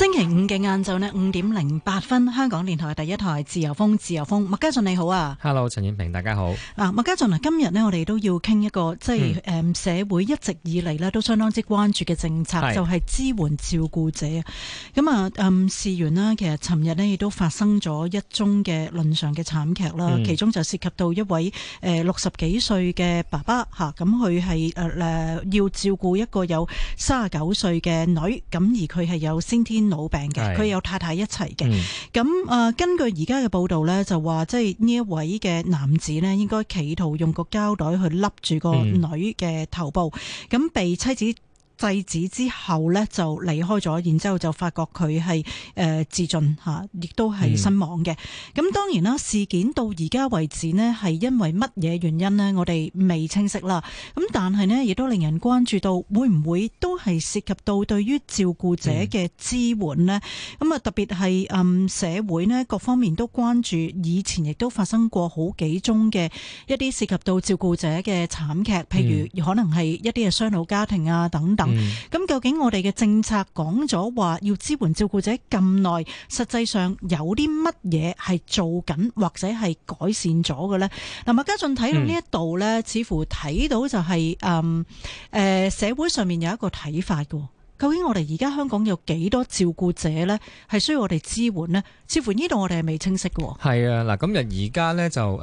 星期五嘅晏晝呢，五點零八分，香港電台第一台自由風，自由風，麥嘉俊你好啊，Hello，陳燕平，大家好。啊，麥嘉俊啊，今日呢，我哋都要傾一個即係誒社會一直以嚟呢，都相當之關注嘅政策，嗯、就係支援照顧者啊。咁啊是、嗯，事緣呢，其實尋日呢，亦都發生咗一宗嘅倫常嘅慘劇啦，嗯、其中就涉及到一位誒六十幾歲嘅爸爸吓，咁佢係誒誒要照顧一個有三十九歲嘅女，咁而佢係有先天。腦病嘅，佢有太太一齊嘅。咁啊，嗯、根據而家嘅報道咧，就話即係呢一位嘅男子咧，應該企圖用個膠袋去笠住個女嘅頭部，咁、嗯、被妻子。制止之後呢，就離開咗，然之後就發覺佢係自盡，亦都係身亡嘅。咁當然啦，事件到而家為止呢，係因為乜嘢原因呢？我哋未清晰啦。咁但係呢，亦都令人關注到，會唔會都係涉及到對於照顧者嘅支援呢？咁啊，特別係嗯、社會呢各方面都關注，以前亦都發生過好幾宗嘅一啲涉及到照顧者嘅慘劇，譬如可能係一啲嘅雙老家庭啊等等。咁、嗯、究竟我哋嘅政策講咗話要支援照顧者咁耐，實際上有啲乜嘢係做緊或者係改善咗嘅咧？嗱，麥嘉俊睇到呢一度咧，似乎睇到就係誒誒，社會上面有一個睇法嘅。究竟我哋而家香港有幾多照顧者呢？係需要我哋支援呢？似乎呢度我哋係未清晰喎。係啊，嗱，咁人而家呢，就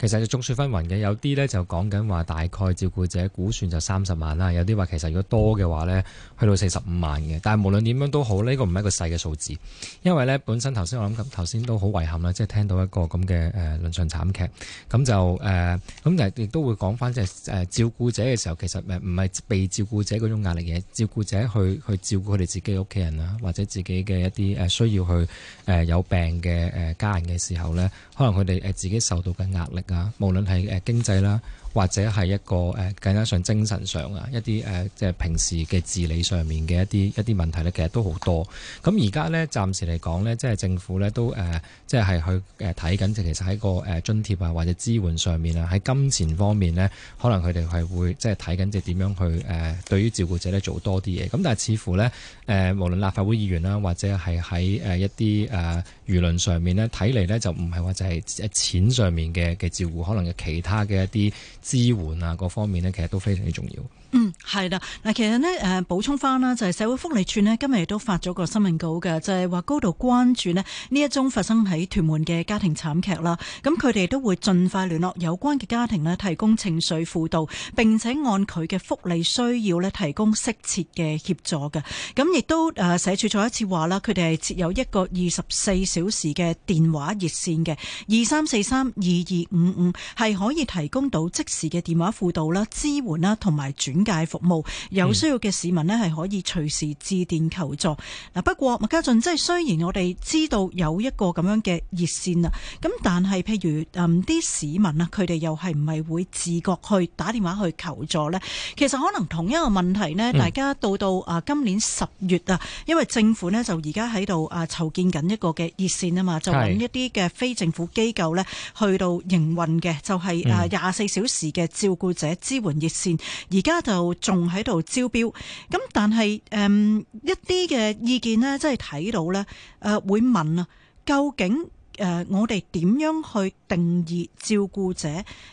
其實係眾說紛紜嘅。有啲呢，就講緊話，大概照顧者估算就三十萬啦。有啲話其實如果多嘅話呢，去到四十五萬嘅。但係無論點樣都好，呢、這個唔係一個細嘅數字，因為呢，本身頭先我諗頭先都好遺憾啦，即係聽到一個咁嘅誒倫常慘劇。咁、呃、就誒，咁就亦都會講翻即係誒照顧者嘅時候，其實誒唔係被照顧者嗰種壓力嘅照顧者去。去去照顧佢哋自己嘅屋企人啊，或者自己嘅一啲誒需要去誒有病嘅誒家人嘅時候咧，可能佢哋誒自己受到嘅壓力啊，無論係誒經濟啦。或者係一個誒，更加上精神上啊，一啲誒，即、呃、係、就是、平時嘅治理上面嘅一啲一啲問題咧，其實都好多。咁而家咧，暫時嚟講咧，即係政府咧都誒，即係去睇緊，即係其實喺個誒津貼啊，或者支援上面啊，喺金錢方面咧，可能佢哋係會即係睇緊，即係點樣去誒、呃，對於照顧者咧做多啲嘢。咁但係似乎咧，誒、呃、無論立法會議員啦，或者係喺一啲誒，呃輿論上面咧，睇嚟咧就唔係話就係錢上面嘅嘅照顧，可能嘅其他嘅一啲支援啊，各方面咧，其實都非常之重要。嗯，係啦，嗱，其實咧，誒、呃，補充翻啦，就係、是、社會福利署咧，今日亦都發咗個新聞稿嘅，就係、是、話高度關注咧呢一宗發生喺屯門嘅家庭慘劇啦。咁佢哋都會盡快聯絡有關嘅家庭咧，提供情緒輔導，並且按佢嘅福利需要咧，提供適切嘅協助嘅。咁亦都誒，社署再一次話啦，佢哋係設有一個二十四小時嘅電話熱線嘅，二三四三二二五五係可以提供到即時嘅電話輔導啦、支援啦，同埋轉。點解服務有需要嘅市民呢，係可以隨時致電求助嗱？不過麥家俊，即係雖然我哋知道有一個咁樣嘅熱線啦，咁但係譬如誒啲，嗯、市民啊，佢哋又係唔係會自覺去打電話去求助呢？其實可能同一個問題呢，大家到到啊今年十月啊，嗯、因為政府呢，就而家喺度啊籌建緊一個嘅熱線啊嘛，就揾一啲嘅非政府機構呢，去到營運嘅，就係誒廿四小時嘅照顧者支援熱線，而家。就仲喺度招標，咁但係誒、嗯、一啲嘅意見咧，即係睇到咧誒、呃、會問啊，究竟誒、呃、我哋點樣去定義照顧者，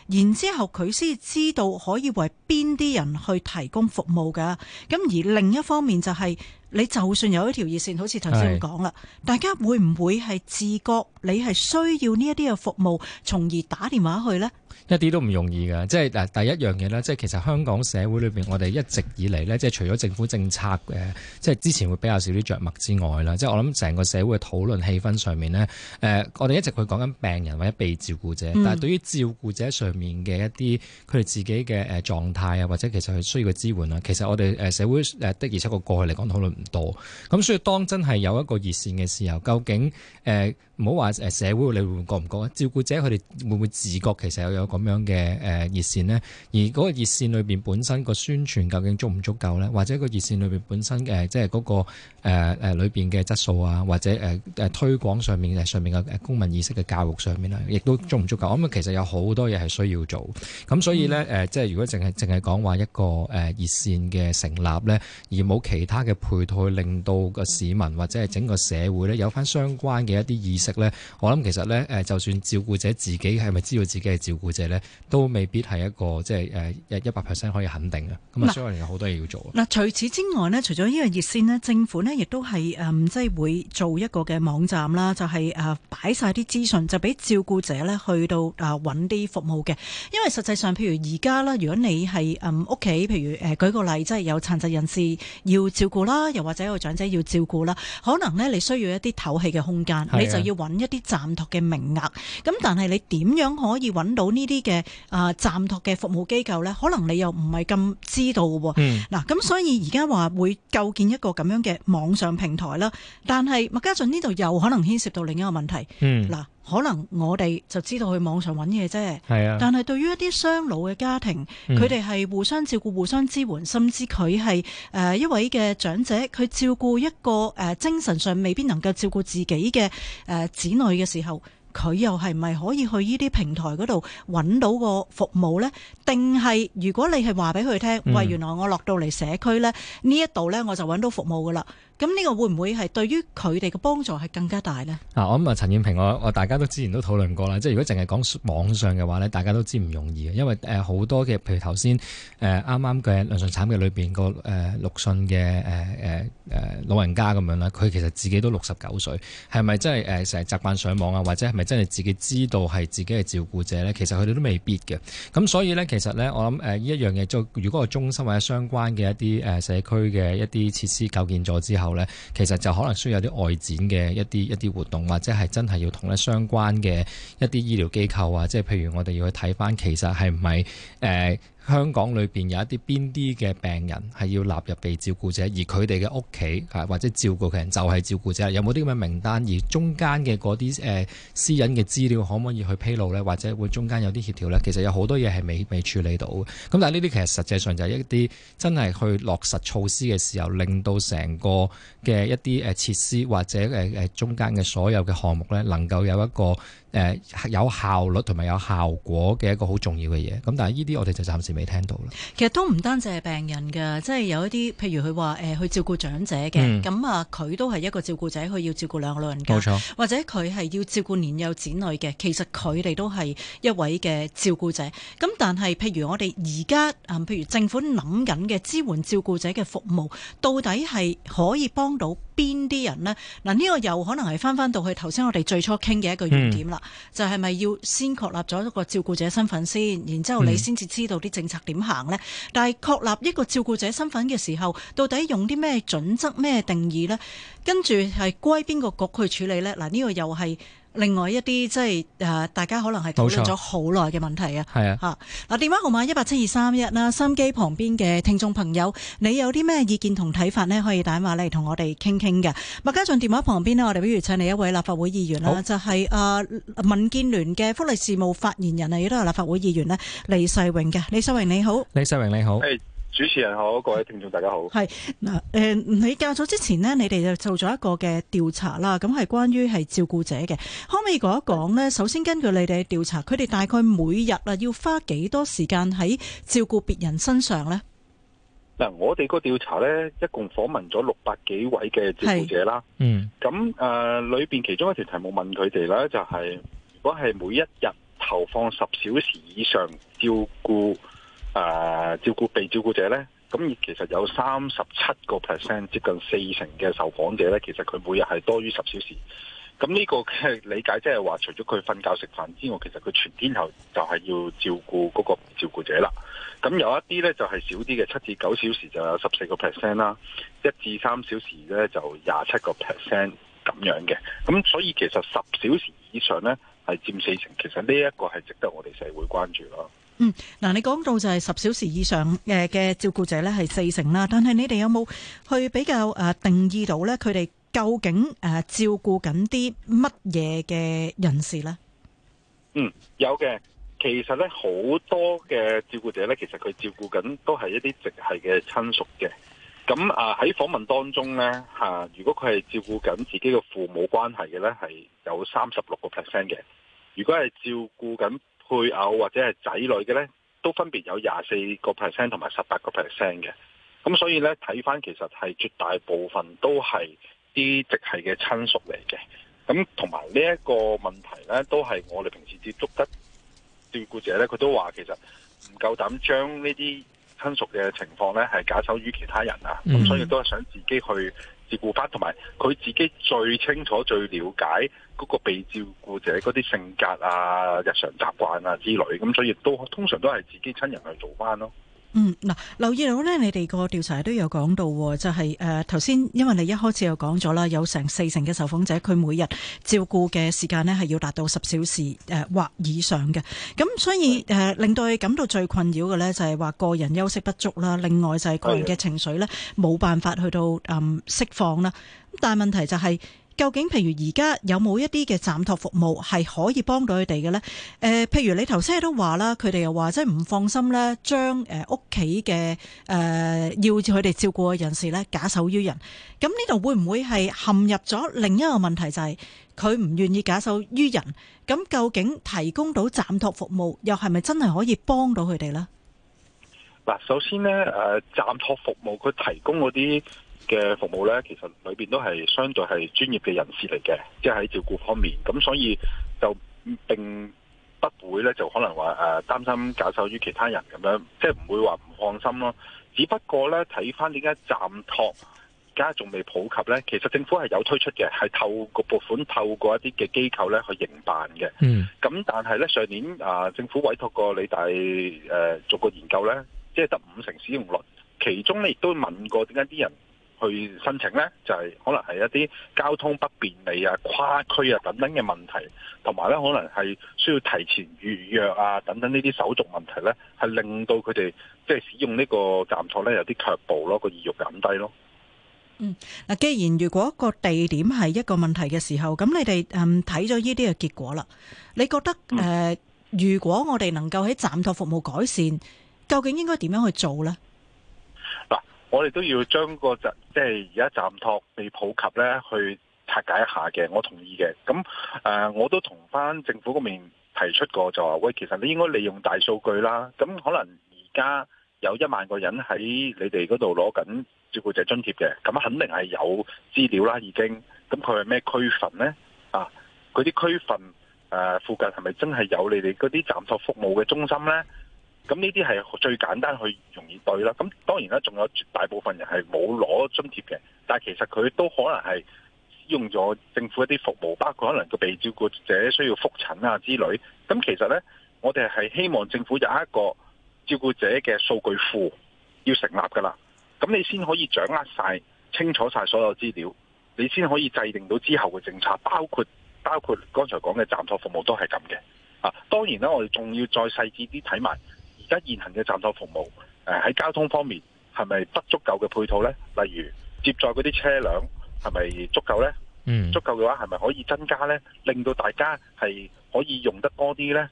然之後佢先知道可以為邊啲人去提供服務噶，咁而另一方面就係、是、你就算有一條熱線，好似頭先講啦，是大家會唔會係自覺你係需要呢一啲嘅服務，從而打電話去咧？一啲都唔容易㗎。即係嗱第一樣嘢咧，即係其實香港社會裏邊，我哋一直以嚟咧，即係除咗政府政策嘅，即係之前會比較少啲著墨之外啦，即係我諗成個社會嘅討論氣氛上面咧，誒、呃，我哋一直去講緊病人或者被照顧者，嗯、但係對於照顧者上面嘅一啲佢哋自己嘅誒狀態啊，或者其實佢需要嘅支援啊，其實我哋誒社會誒的而且確過，過去嚟講討論唔多，咁所以當真係有一個熱線嘅時候，究竟誒？呃唔好話誒社會，你會覺唔覺咧？照顧者佢哋會唔會自覺其實又有咁樣嘅誒熱線呢？而嗰個熱線裏邊本身個宣傳究竟足唔足夠呢？或者個熱線裏邊本身嘅，即係嗰個誒誒裏邊嘅質素啊，或者誒誒、呃、推廣上面誒上面嘅公民意識嘅教育上面呢，亦都足唔足夠？咁其實有好多嘢係需要做。咁所以呢，誒、嗯，即係、呃、如果淨係淨係講話一個誒熱線嘅成立呢，而冇其他嘅配套令到個市民或者係整個社會呢，有翻相關嘅一啲意識。我諗其實咧，誒，就算照顧者自己係咪知道自己係照顧者咧，都未必係一個即係誒一百 percent 可以肯定嘅。咁啊，所以仍然有好多嘢要做嗱，除此之外呢，除咗呢個熱線呢，政府呢亦都係誒，即係會做一個嘅網站啦，就係誒擺晒啲資訊，就俾照顧者咧去到誒揾啲服務嘅。因為實際上，譬如而家啦，如果你係屋企，譬如誒舉個例，即係有殘疾人士要照顧啦，又或者有長者要照顧啦，可能呢你需要一啲透氣嘅空間，的你就要。揾一啲暫託嘅名額，咁但係你點樣可以揾到呢啲嘅啊暫託嘅服務機構咧？可能你又唔係咁知道喎。嗱、嗯，咁、啊、所以而家話會構建一個咁樣嘅網上平台啦，但係麥家俊呢度又可能牽涉到另一個問題。嗱、嗯。可能我哋就知道去網上揾嘢啫，啊嗯、但係對於一啲雙老嘅家庭，佢哋係互相照顧互相支援，甚至佢係誒一位嘅長者，佢照顧一個誒、呃、精神上未必能夠照顧自己嘅誒、呃、子女嘅時候。佢又係咪可以去呢啲平台嗰度揾到個服務呢？定係如果你係話俾佢聽，嗯、喂，原來我落到嚟社區呢，呢一度呢，我就揾到服務噶啦。咁呢個會唔會係對於佢哋嘅幫助係更加大呢？啊，我諗啊，陳燕平，我我大家都之前都討論過啦。即係如果淨係講網上嘅話呢，大家都知唔容易嘅，因為好、呃、多嘅，譬如頭先啱啱嘅兩場慘嘅裏面、嗰個誒、呃、陸迅嘅、呃呃、老人家咁樣啦，佢其實自己都六十九歲，係咪真係誒成日習慣上網啊？或者係咪？真係自己知道係自己嘅照顧者呢，其實佢哋都未必嘅。咁所以呢，其實呢，我諗誒呢一樣嘢，就如果個中心或者相關嘅一啲誒、呃、社區嘅一啲設施構建咗之後呢，其實就可能需要有啲外展嘅一啲一啲活動，或者係真係要同呢相關嘅一啲醫療機構啊，即係譬如我哋要去睇返，其實係唔係誒？呃香港裏面有一啲邊啲嘅病人係要納入被照顧者，而佢哋嘅屋企啊或者照顧嘅人就係照顧者，有冇啲咁嘅名單？而中間嘅嗰啲誒私隱嘅資料可唔可以去披露呢？或者會中間有啲協調呢？其實有好多嘢係未未處理到嘅。咁但係呢啲其實實際上就係一啲真係去落實措施嘅時候，令到成個嘅一啲誒設施或者誒誒中間嘅所有嘅項目呢，能夠有一個。誒、呃、有效率同埋有效果嘅一個好重要嘅嘢，咁但係呢啲我哋就暫時未聽到啦。其實都唔單止係病人嘅，即係有一啲譬如佢話誒去照顧長者嘅，咁啊佢都係一個照顧者，佢要照顧兩個老人家，冇錯。或者佢係要照顧年幼子女嘅，其實佢哋都係一位嘅照顧者。咁但係譬如我哋而家啊，譬如政府諗緊嘅支援照顧者嘅服務到底係可以幫到？邊啲人呢？嗱，呢個又可能係翻翻到去頭先我哋最初傾嘅一個原點啦，就係咪要先確立咗一個照顧者身份先，然之後你先至知道啲政策點行呢？但係確立一個照顧者身份嘅時候，到底用啲咩準則、咩定義呢？跟住係歸邊個局去處理呢？嗱，呢個又係。另外一啲即係誒，大家可能係討論咗好耐嘅問題錯啊！係啊嚇嗱，電話號碼一八七二三一啦，心機旁邊嘅聽眾朋友，你有啲咩意見同睇法呢？可以打電話嚟同我哋傾傾嘅。麥嘉俊電話旁邊呢，我哋不如請嚟一位立法會議員啦，好就係、是、誒、呃、民建聯嘅福利事務發言人啊，亦都係立法會議員呢李世榮嘅。李世榮你好，李世榮你好。主持人好，各位聽眾大家好。係嗱，誒、呃，你較早之前呢，你哋就做咗一個嘅調查啦，咁係關於係照顧者嘅。可唔可以講一講呢？的首先根據你哋嘅調查，佢哋大概每日啊要花幾多時間喺照顧別人身上呢？嗱、呃，我哋個調查呢，一共訪問咗六百幾位嘅照顧者啦。嗯。咁誒，裏、呃、邊其中一條題目問佢哋咧，就係、是、如果係每一日投放十小時以上照顧。誒、啊、照顧被照顧者呢，咁其實有三十七個 percent，接近四成嘅受訪者呢，其實佢每日係多於十小時。咁呢個嘅理解即係話，除咗佢瞓覺食飯之外，其實佢全天候就係要照顧嗰個被照顧者啦。咁有一啲呢，就係、是、少啲嘅，七至九小時就有十四個 percent 啦，一至三小時呢就廿七個 percent 咁樣嘅。咁所以其實十小時以上呢係佔四成，其實呢一個係值得我哋社會關注咯。嗯，嗱，你講到就係十小時以上誒嘅照顧者咧，係四成啦。但係你哋有冇去比較誒定義到咧？佢哋究竟誒照顧緊啲乜嘢嘅人士咧？嗯，有嘅。其實咧，好多嘅照顧者咧，其實佢照顧緊都係一啲直系嘅親屬嘅。咁啊喺訪問當中咧，吓，如果佢係照顧緊自己嘅父母關係嘅咧，係有三十六個 percent 嘅。如果係照顧緊。配偶或者係仔女嘅咧，都分別有廿四個 percent 同埋十八個 percent 嘅，咁所以咧，睇翻其實係絕大部分都係啲直系嘅親屬嚟嘅，咁同埋呢一個問題咧，都係我哋平時接觸得照顧者咧，佢都話其實唔夠膽將呢啲親屬嘅情況咧係假手於其他人啊，咁所以都係想自己去。照顧翻，同埋佢自己最清楚、最了解嗰個被照顧者嗰啲性格啊、日常習慣啊之類，咁所以都通常都係自己親人去做翻咯。嗯，嗱，留意到呢，你哋個調查都有講到，就係誒頭先，因為你一開始又講咗啦，有成四成嘅受訪者，佢每日照顧嘅時間呢係要達到十小時、呃、或以上嘅，咁所以誒的、呃、令到佢感到最困擾嘅呢，就係話個人休息不足啦，另外就係個人嘅情緒呢，冇的辦法去到嗯釋放啦，咁但係問題就係、是。究竟譬如而家有冇一啲嘅暫託服務係可以幫到佢哋嘅呢？誒，譬如你頭先都話啦，佢哋又話即係唔放心咧，將誒屋企嘅誒要佢哋照顧嘅人士咧假手於人。咁呢度會唔會係陷入咗另一個問題，就係佢唔願意假手於人？咁究竟提供到暫託服務，又係咪真係可以幫到佢哋呢？嗱，首先呢，誒，暫託服務佢提供嗰啲。嘅服務呢，其實裏邊都係相對係專業嘅人士嚟嘅，即係喺照顧方面，咁所以就並不會呢，就可能話誒、呃、擔心假手於其他人咁樣，即係唔會話唔放心咯。只不過呢，睇翻點解暫託，而家仲未普及呢。其實政府係有推出嘅，係透過撥款，透過一啲嘅機構呢去營辦嘅。嗯，咁但係呢，上年啊、呃，政府委託過理大誒、呃、做個研究呢，即係得五成使用率，其中呢亦都問過點解啲人去申請呢，就係、是、可能係一啲交通不便利啊、跨區啊等等嘅問題，同埋呢可能係需要提前預約啊等等呢啲手續問題呢係令到佢哋即係使用呢個暫託呢，有啲卻步咯，個意欲減低咯。嗯、既然如果個地點係一個問題嘅時候，咁你哋睇咗呢啲嘅結果啦，你覺得誒，呃嗯、如果我哋能夠喺暫託服務改善，究竟應該點樣去做呢？我哋都要將個暫即係而家暫託未普及咧，去拆解一下嘅。我同意嘅。咁誒、呃，我都同翻政府嗰面提出過，就話喂，其實你應該利用大數據啦。咁可能而家有一萬個人喺你哋嗰度攞緊照顧者津貼嘅，咁肯定係有資料啦，已經。咁佢係咩區份咧？啊，嗰啲區份誒附近係咪真係有你哋嗰啲暫托服務嘅中心咧？咁呢啲係最簡單去容易對啦。咁當然啦，仲有絕大部分人係冇攞津貼嘅，但係其實佢都可能係用咗政府一啲服務，包括可能個被照顧者需要覆診啊之類。咁其實呢，我哋係希望政府有一個照顧者嘅數據庫要成立㗎啦。咁你先可以掌握晒清楚晒所有資料，你先可以制定到之後嘅政策，包括包括剛才講嘅暫託服務都係咁嘅。啊，當然啦，我哋仲要再細緻啲睇埋。而家現行嘅暫託服務，誒喺交通方面係咪不，不足夠嘅配套呢？例如接載嗰啲車輛係咪足夠呢？嗯、足夠嘅話係咪可以增加呢？令到大家係可以用得多啲呢？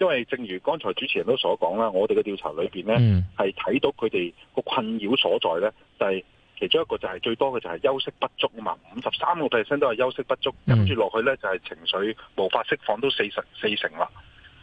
因為正如剛才主持人都所講啦，我哋嘅調查裏邊呢係睇、嗯、到佢哋個困擾所在呢。就係、是、其中一個就係、是、最多嘅就係休息不足啊嘛，五十三個 percent 都係休息不足，跟住落去呢就係、是、情緒無法釋放都四十四成啦。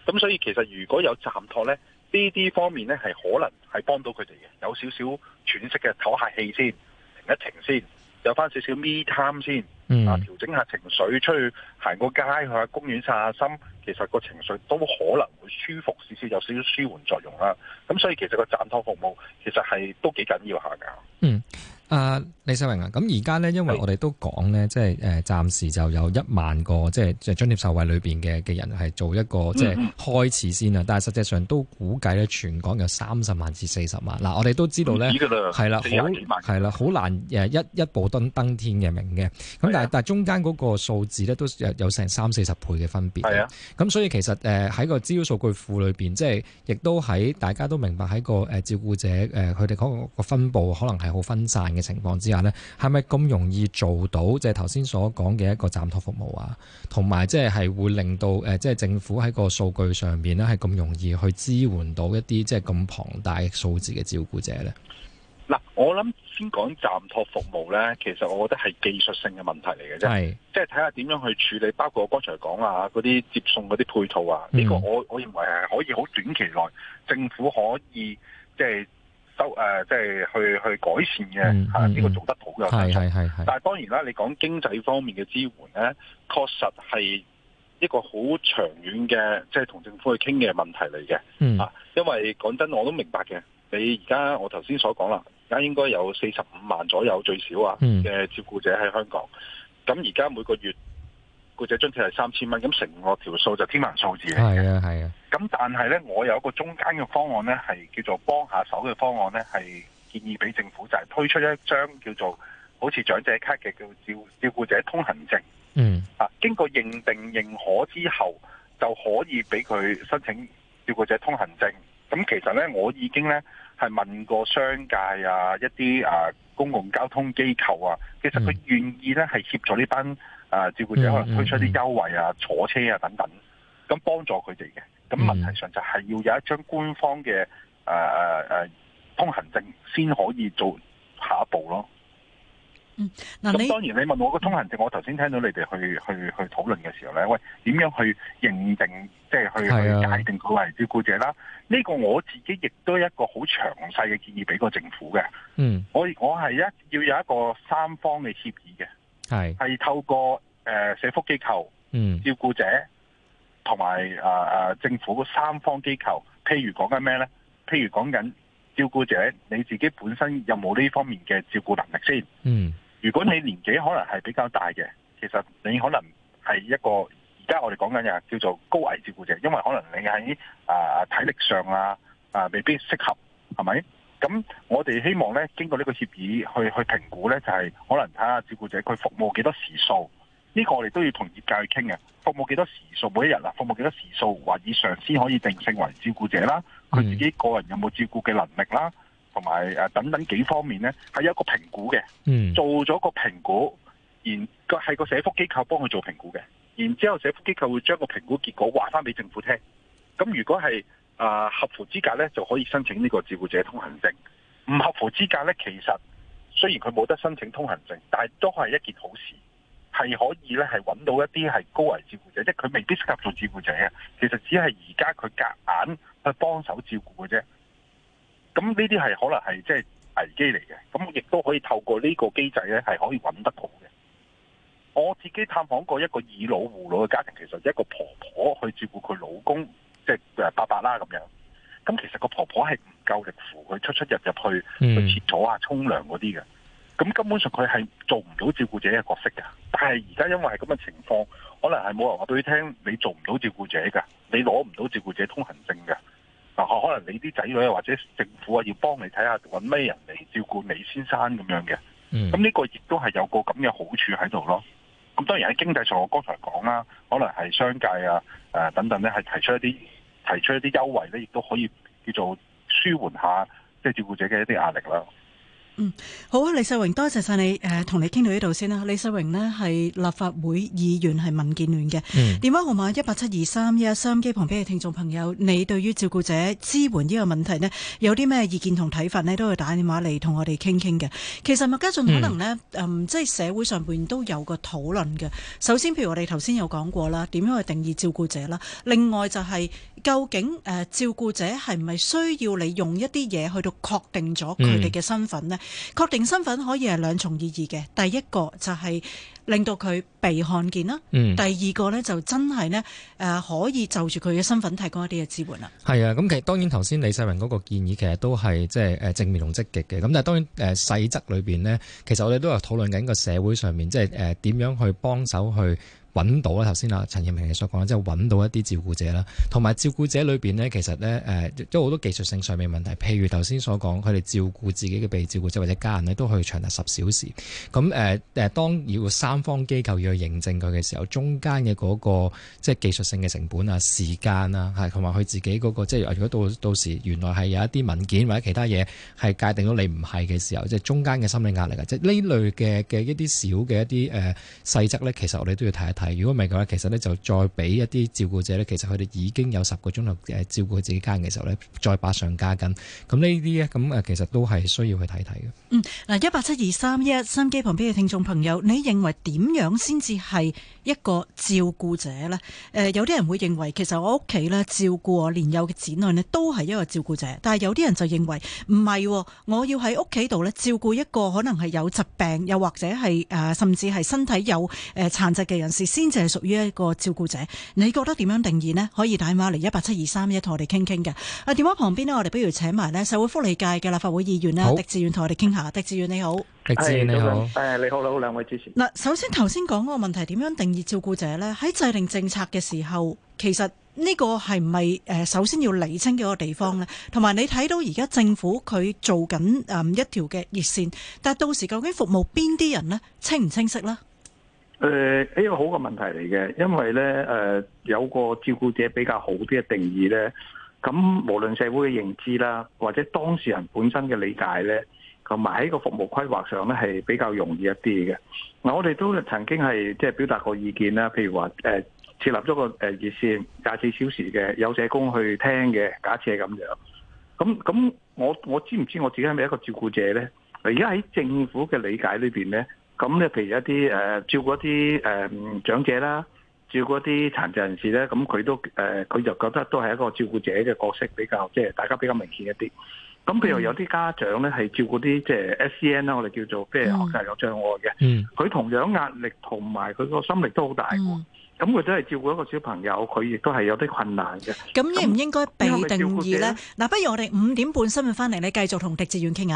咁所以其實如果有暫託呢。呢啲方面咧，係可能係幫到佢哋嘅，有少少喘息嘅，唞下氣先，停一停先，有返少少 me time 先，啊，調整下情緒，出去行個街，去下公園散下心，其實個情緒都可能會舒服少少，有少少舒緩作用啦。咁所以其實個暫託服務其實係都幾緊要下噶。嗯。Uh, 啊，李世榮啊，咁而家咧，因為我哋都講咧，的即係，誒暫時就有一萬個，即係即係津貼受惠裏邊嘅嘅人係做一個即係開始先啊！嗯、但係實際上都估計咧，全港有三十萬至四十萬嗱、啊，我哋都知道咧，係啦，好係啦，好難誒一一,一步登登天嘅名嘅。咁但係的但係中間嗰個數字咧，都有成三四十倍嘅分別係，咁所以其實誒喺個資料數據庫裏邊即係亦都喺大家都明白喺個誒照顧者誒佢哋嗰個分布可能係好分散。情況之下咧，係咪咁容易做到？即係頭先所講嘅一個暫托服務啊，同埋即係係會令到誒，即係政府喺個數據上面咧，係咁容易去支援到一啲即係咁龐大數字嘅照顧者咧。嗱，我諗先講暫托服務咧，其實我覺得係技術性嘅問題嚟嘅啫，係即係睇下點樣去處理，包括我剛才講啊，嗰啲接送嗰啲配套啊，呢個我我認為係可以好短期內政府可以即係。就是都即係去去改善嘅嚇，呢、嗯嗯、個做得好嘅。係係係，但係當然啦，你講經濟方面嘅支援咧，確實係一個好長遠嘅，即係同政府去傾嘅問題嚟嘅。啊、嗯，因為講真我都明白嘅，你而家我頭先所講啦，而家應該有四十五萬左右最少啊嘅照顧者喺香港，咁而家每個月。顧者津貼係三千蚊，咁成個條數就天文數字嚟嘅。係啊，係啊。咁但係咧，我有一個中間嘅方案咧，係叫做幫下手嘅方案咧，係建議俾政府就係、是、推出一張叫做好似長者卡嘅叫照照顧者通行證。嗯。啊，經過認定認可之後，就可以俾佢申請照顧者通行證。咁其實咧，我已經咧係問過商界啊，一啲啊公共交通機構啊，其實佢願意咧係協助呢班、嗯。啊！照顧者可能推出啲優惠啊、mm, mm, mm, 坐車啊等等，咁幫助佢哋嘅。咁問題上就係要有一張官方嘅誒誒誒通行證，先可以做下一步咯。嗯，咁當然你問我個通行證，我頭先聽到你哋去去去討論嘅時候咧，喂，點樣去認定，即係去去界定佢係照顧者啦？呢個我自己亦都一個好詳細嘅建議俾個政府嘅。嗯，我我係一要有一個三方嘅協議嘅。係係透過誒社福機構、照顧者同埋誒誒政府三方機構，譬如講緊咩咧？譬如講緊照顧者你自己本身有冇呢方面嘅照顧能力先？嗯，如果你年紀可能係比較大嘅，其實你可能係一個而家我哋講緊嘅叫做高危照顧者，因為可能你喺誒體力上啊啊未必適合，係咪？咁我哋希望咧，經過呢個協議去去評估咧，就係可能睇下照顧者佢服務幾多時數，呢個我哋都要同業界去傾嘅。服務幾多時數每一日啊？服務幾多時數或以上先可以定性為照顧者啦。佢自己個人有冇照顧嘅能力啦，同埋誒等等幾方面咧，係有一個評估嘅。做咗個評估，然個係個社福機構幫佢做評估嘅。然之後社福機構會將個評估結果話翻俾政府聽。咁如果係。啊，uh，合乎資格咧，就可以申請呢個照顧者通行證。唔合乎資格咧，其實雖然佢冇得申請通行證，但係都係一件好事，係可以咧，係揾到一啲係高危照顧者，即係佢未必適合做照顧者啊。其實只係而家佢夾硬去幫手照顧嘅啫。咁呢啲係可能係即係危機嚟嘅，咁亦都可以透過呢個機制咧，係可以揾得到嘅。我自己探訪過一個以老護老嘅家庭，其實一個婆婆去照顧佢老公。即係伯伯啦咁樣，咁其實個婆婆係唔夠力扶佢出出入入去去廁所啊、沖涼嗰啲嘅，咁根本上佢係做唔到照顧者嘅角色嘅。但係而家因為係咁嘅情況，可能係冇人話俾佢聽，你做唔到照顧者嘅，你攞唔到照顧者通行證嘅。嗱，可能你啲仔女或者政府啊，要幫你睇下揾咩人嚟照顧你先生咁樣嘅。咁呢個亦都係有個咁嘅好處喺度咯。咁當然喺經濟上，我剛才講啦，可能係商界啊、誒、呃、等等咧，係提出一啲。提出一啲優惠咧，亦都可以叫做舒緩下即係照顧者嘅一啲壓力啦。嗯，好、啊，李世榮，多謝晒你，誒、呃，同你傾到呢度先啦。李世榮呢，係立法會議員，係民建聯嘅。嗯，電話號碼一八七二三，一收音機旁邊嘅聽眾朋友，你對於照顧者支援呢個問題呢，有啲咩意見同睇法呢？都會打電話嚟同我哋傾傾嘅。其實麥家俊可能呢，嗯嗯、即係社會上邊都有個討論嘅。首先，譬如我哋頭先有講過啦，點樣去定義照顧者啦？另外就係、是、究竟誒、呃、照顧者係唔係需要你用一啲嘢去到確定咗佢哋嘅身份呢？嗯確定身份可以係兩重意義嘅，第一個就係令到佢被看見啦。嗯、第二個咧就真係呢，誒可以就住佢嘅身份提供一啲嘅支援啦。係啊，咁其實當然頭先李世榮嗰個建議其實都係即係誒正面同積極嘅。咁但係當然誒細則裏邊咧，其實我哋都有討論緊個社會上面即係誒點樣去幫手去。揾到啦，頭先啊，陳明嘅所講即係揾到一啲照顧者啦，同埋照顧者裏邊呢，其實呢，誒，都好多技術性上面問題。譬如頭先所講，佢哋照顧自己嘅被照顧者或者家人呢，都可以長達十小時。咁誒誒，當要三方機構要去認證佢嘅時候，中間嘅嗰個即係技術性嘅成本啊、時間啊，嚇同埋佢自己嗰個即係如果到到時原來係有一啲文件或者其他嘢係界定到你唔係嘅時候，即係中間嘅心理壓力嘅，即係呢類嘅嘅一啲小嘅一啲誒細則呢，其實我哋都要睇一。係，如果唔係嘅話，其實呢就再俾一啲照顧者咧，其實佢哋已經有十個鐘頭誒照顧自己家人嘅時候呢再把上加緊。咁呢啲呢，咁誒，其實都係需要去睇睇嘅。嗯，嗱，一八七二三一，三機旁邊嘅聽眾朋友，你認為點樣先至係一個照顧者呢？誒，有啲人會認為，其實我屋企咧照顧我年幼嘅子女咧，都係一個照顧者。但係有啲人就認為唔係，我要喺屋企度咧照顧一個可能係有疾病，又或者係誒，甚至係身體有誒殘疾嘅人士。先就係屬於一個照顧者，你覺得點樣定義呢？可以打電話嚟一八七二三一同我哋傾傾嘅。啊，電話旁邊呢，我哋不如請埋咧社會福利界嘅立法會議員咧，狄好志遠同我哋傾下。狄志遠你好，狄志遠你好，誒、啊、你好啦，好，好，兩位主持。嗱，首先頭先講嗰個問題，點樣定義照顧者呢？喺制定政策嘅時候，其實呢個係唔係誒首先要釐清嘅一個地方呢？同埋、嗯、你睇到而家政府佢做緊誒、嗯、一條嘅熱線，但係到時究竟服務邊啲人呢？清唔清晰呢？誒，呢、呃、個好嘅問題嚟嘅，因為咧，誒、呃、有個照顧者比較好啲嘅定義咧，咁無論社會嘅認知啦，或者當事人本身嘅理解咧，同埋喺個服務規劃上咧，係比較容易一啲嘅。嗱，我哋都曾經係即係表達過意見啦，譬如話誒、呃、設立咗個誒熱線，廿四小時嘅有社工去聽嘅，假設係咁樣。咁咁，我我知唔知我自己係咪一個照顧者咧？而家喺政府嘅理解裏面咧？咁咧，譬如一啲誒、呃、照顧一啲誒長者啦，照顧一啲殘疾人士咧，咁佢都誒佢、呃、就覺得都係一個照顧者嘅角色，比較即係大家比較明顯一啲。咁譬如有啲家長咧係照顧啲即係 SCN 啦，我哋叫做即係學習有障礙嘅，佢、嗯嗯、同樣壓力同埋佢個心力都好大。咁佢、嗯、都係照顧一個小朋友，佢亦都係有啲困難嘅。咁、嗯、應唔應該被定義咧？嗱，不如我哋五點半新聞翻嚟你繼續同狄志遠傾下。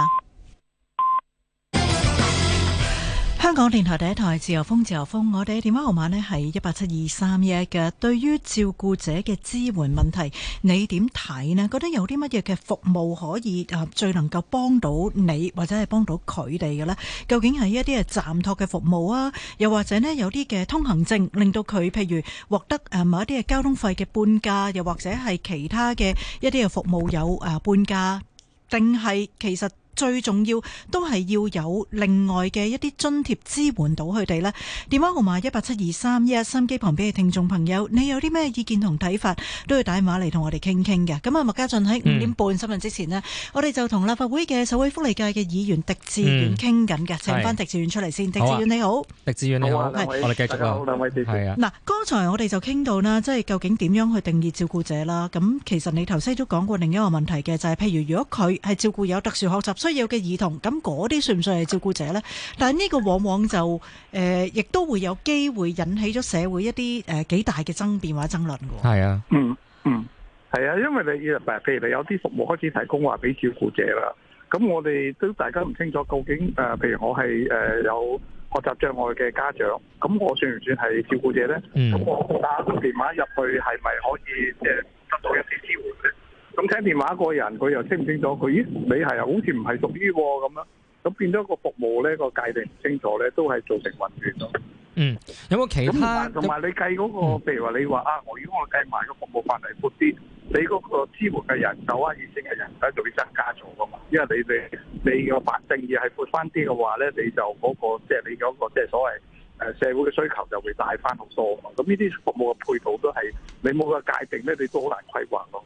香港電台第一台自由風，自由風，我哋嘅電話號碼呢係一八七二三一嘅。對於照顧者嘅支援問題，你點睇呢？覺得有啲乜嘢嘅服務可以啊，最能夠幫到你或者係幫到佢哋嘅呢？究竟係一啲嘅暫託嘅服務啊，又或者呢，有啲嘅通行證令到佢，譬如獲得誒某一啲嘅交通費嘅半價，又或者係其他嘅一啲嘅服務有誒半價，定係其實？最重要都係要有另外嘅一啲津貼支援到佢哋咧。電話號碼一八七二三一，收音機旁邊嘅聽眾朋友，你有啲咩意見同睇法，都要打電話嚟同我哋傾傾嘅。咁啊，麥家俊喺五點半新聞之前呢，嗯、我哋就同立法會嘅社會福利界嘅議員狄志遠傾緊嘅，嗯、請翻狄志遠出嚟先。狄志遠你好，狄志遠你好，我哋繼續啦。兩位議員，啊。嗱，剛才我哋就傾到啦，即、就、係、是、究竟點樣去定義照顧者啦？咁的、啊就是、其實你頭先都講過另一個問題嘅，就係、是、譬如如果佢係照顧有特殊學習。需要嘅兒童，咁嗰啲算唔算係照顧者咧？但係呢個往往就誒，亦、呃、都會有機會引起咗社會一啲誒幾大嘅爭辯或者爭論嘅。係啊，嗯嗯，係、嗯、啊，因為你譬如你有啲服務開始提供話俾照顧者啦，咁我哋都大家唔清楚究竟誒、呃，譬如我係誒、呃、有學習障礙嘅家長，咁我算唔算係照顧者咧？咁、嗯、我打個電話入去係咪可以即、呃、得到一啲支援咧？咁聽電話個人，佢又清唔清，清楚？佢咦，你係啊，好似唔係屬於咁樣？咁變咗個服務咧、個界定唔清楚咧，都係造成混亂咯。嗯，有冇其他？同埋你計嗰、個，譬如話你話、嗯、啊，我如果我計埋個服務範圍闊啲，你嗰個支援嘅人手啊，二線嘅人手，度啲增加咗噶嘛？因為你哋你個範定義係闊翻啲嘅話咧，你就嗰、個即係、就是、你嗰、個即係、就是、所謂誒社會嘅需求就會大翻好多啊嘛！咁呢啲服務嘅配套都係你冇個界定咧，你都好難規劃咯。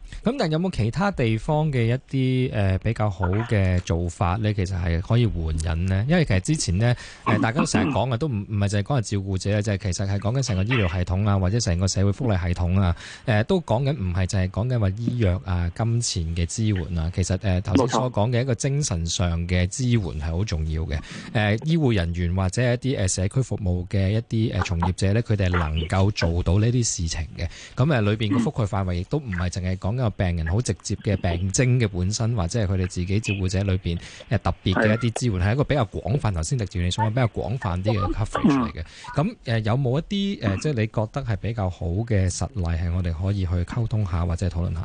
咁但有冇其他地方嘅一啲誒、呃、比較好嘅做法咧？其實係可以援引咧，因為其實之前咧誒、呃、大家都成日講嘅都唔唔係就係講係照顧者啊，就係、是、其實係講緊成個醫療系統啊，或者成個社會福利系統啊，誒、呃、都講緊唔係就係講緊話醫藥啊、金錢嘅支援啊，其實誒頭先所講嘅一個精神上嘅支援係好重要嘅。誒、呃、醫護人員或者一啲誒社區服務嘅一啲誒從業者咧，佢哋係能夠做到呢啲事情嘅。咁誒裏邊個覆蓋範圍亦都唔係淨係講緊。病人好直接嘅病徵嘅本身，或者係佢哋自己照顧者裏邊誒特別嘅一啲支援，係是的 一個比較廣泛。頭先狄志遠你所講係比較廣泛啲嘅 concept 嚟嘅。咁誒、嗯呃、有冇一啲誒、呃，即係你覺得係比較好嘅實例，係我哋可以去溝通一下或者討論一下？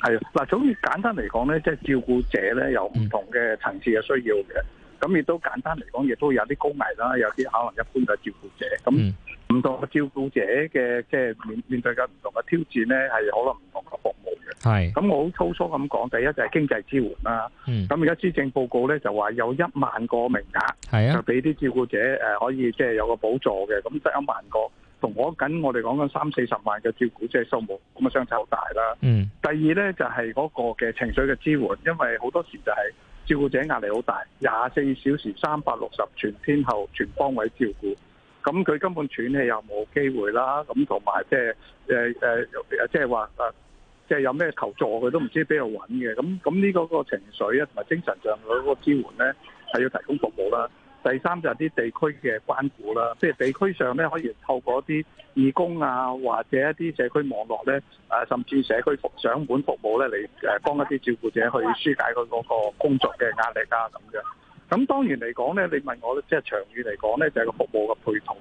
係嗱，總之簡單嚟講咧，即、就、係、是、照顧者咧有唔同嘅層次嘅需要嘅。咁亦、嗯、都簡單嚟講，亦都有啲高危啦，有啲可能一般嘅照顧者咁。唔同嘅照顧者嘅即係面面對嘅唔同嘅挑戰咧，係可能唔同嘅服務嘅。係、嗯、咁我好粗疏咁講，第一就係經濟支援啦。嗯。咁而家施政報告咧就話有一萬個名額，係啊，就俾啲照顧者誒可以即係有個補助嘅。咁得一萬個，同我緊我哋講緊三四十萬嘅照顧者數目，咁嘅相差好大啦。嗯。第二咧就係嗰個嘅情緒嘅支援，因為好多時就係照顧者壓力好大，廿四小時三百六十全天候全方位照顧。咁佢根本喘氣又冇機會啦，咁同埋即係即係話即係有咩求助佢都唔知邊度揾嘅，咁咁呢個個情緒啊同埋精神上嗰個支援咧，係要提供服務啦。第三就係啲地區嘅關顧啦，即係地區上咧可以透過啲義工啊或者一啲社區網絡咧，甚至社區服上門服務咧嚟幫一啲照顧者去舒解佢嗰個工作嘅壓力啊咁樣。咁當然嚟講咧，你問我即係長遠嚟講咧，就係、是就是、個服務嘅配套。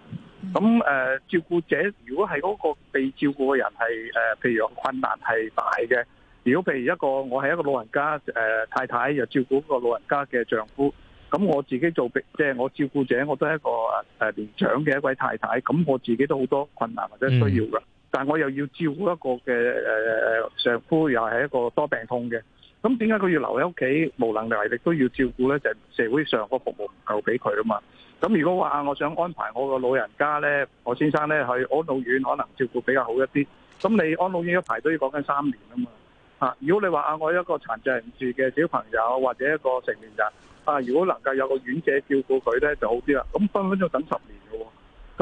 咁誒、呃、照顧者，如果係嗰個被照顧嘅人係誒、呃、譬如困難係大嘅，如果譬如一個我係一個老人家誒、呃、太太，又照顧一個老人家嘅丈夫，咁我自己做即係、就是、我照顧者，我都係一個、呃、年長嘅一位太太，咁我自己都好多困難或者需要噶，但我又要照顧一個嘅誒、呃、丈夫，又係一個多病痛嘅。咁點解佢要留喺屋企無能為力都要照顧呢？就係、是、社會上個服務唔夠俾佢啊嘛。咁如果話啊，我想安排我個老人家呢，我先生呢，去安老院，可能照顧比較好一啲。咁你安老院一排都要講緊三年啊嘛。如果你話啊，我一個殘疾人士嘅小朋友或者一個成年人啊，如果能夠有個院者照顧佢呢，就好啲啦。咁分分鐘等十年㗎喎。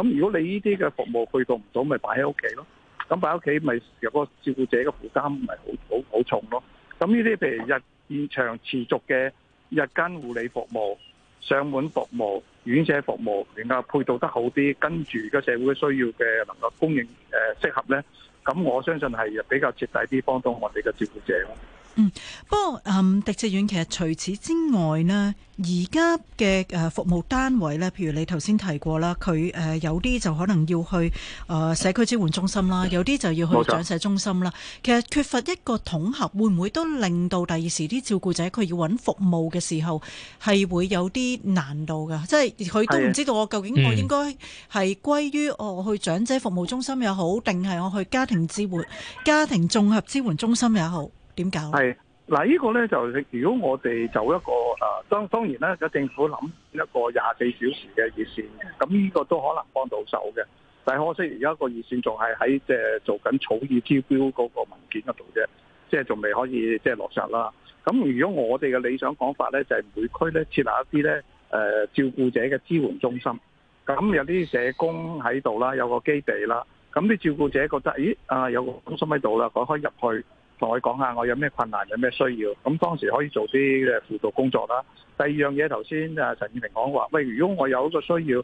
咁如果你呢啲嘅服務佢做唔到，咪擺喺屋企咯。咁擺喺屋企咪有個照顧者嘅負擔，咪好好好重咯。咁呢啲譬如日現場持續嘅日間護理服務、上門服務、院舍服務，然後配套得好啲，跟住個社會需要嘅能夠供應、呃、適合呢，咁我相信係比較徹底啲，幫到我哋嘅照顧者。嗯，不過，嗯，狄志遠，其實除此之外呢，而家嘅誒服務單位咧，譬如你頭先提過啦，佢誒、呃、有啲就可能要去誒、呃、社區支援中心啦，有啲就要去長者中心啦。冇錯。其實缺乏一個統合，會唔會都令到第二時啲照顧者佢要揾服務嘅時候係會有啲難度㗎？即係佢都唔知道我究竟我應該係歸於我去長者服務中心也好，定係我去家庭支援家庭綜合支援中心也好。點搞呢？係嗱，這個、呢個咧就如果我哋就一個誒、啊，當當然啦，有政府諗一個廿四小時嘅熱線，咁呢個都可能幫到手嘅。但係可惜而家個熱線仲係喺即係做緊草擬招標嗰個文件嗰度啫，即係仲未可以即係、就是、落實啦。咁如果我哋嘅理想講法咧，就係、是、每區咧設立一啲咧誒照顧者嘅支援中心，咁有啲社工喺度啦，有個基地啦，咁啲照顧者覺得，咦啊有個中心喺度啦，佢可以入去。同佢講下我有咩困難，有咩需要，咁當時可以做啲誒輔導工作啦。第二樣嘢頭先啊陳燕萍講話，喂，如果我有一個需要，誒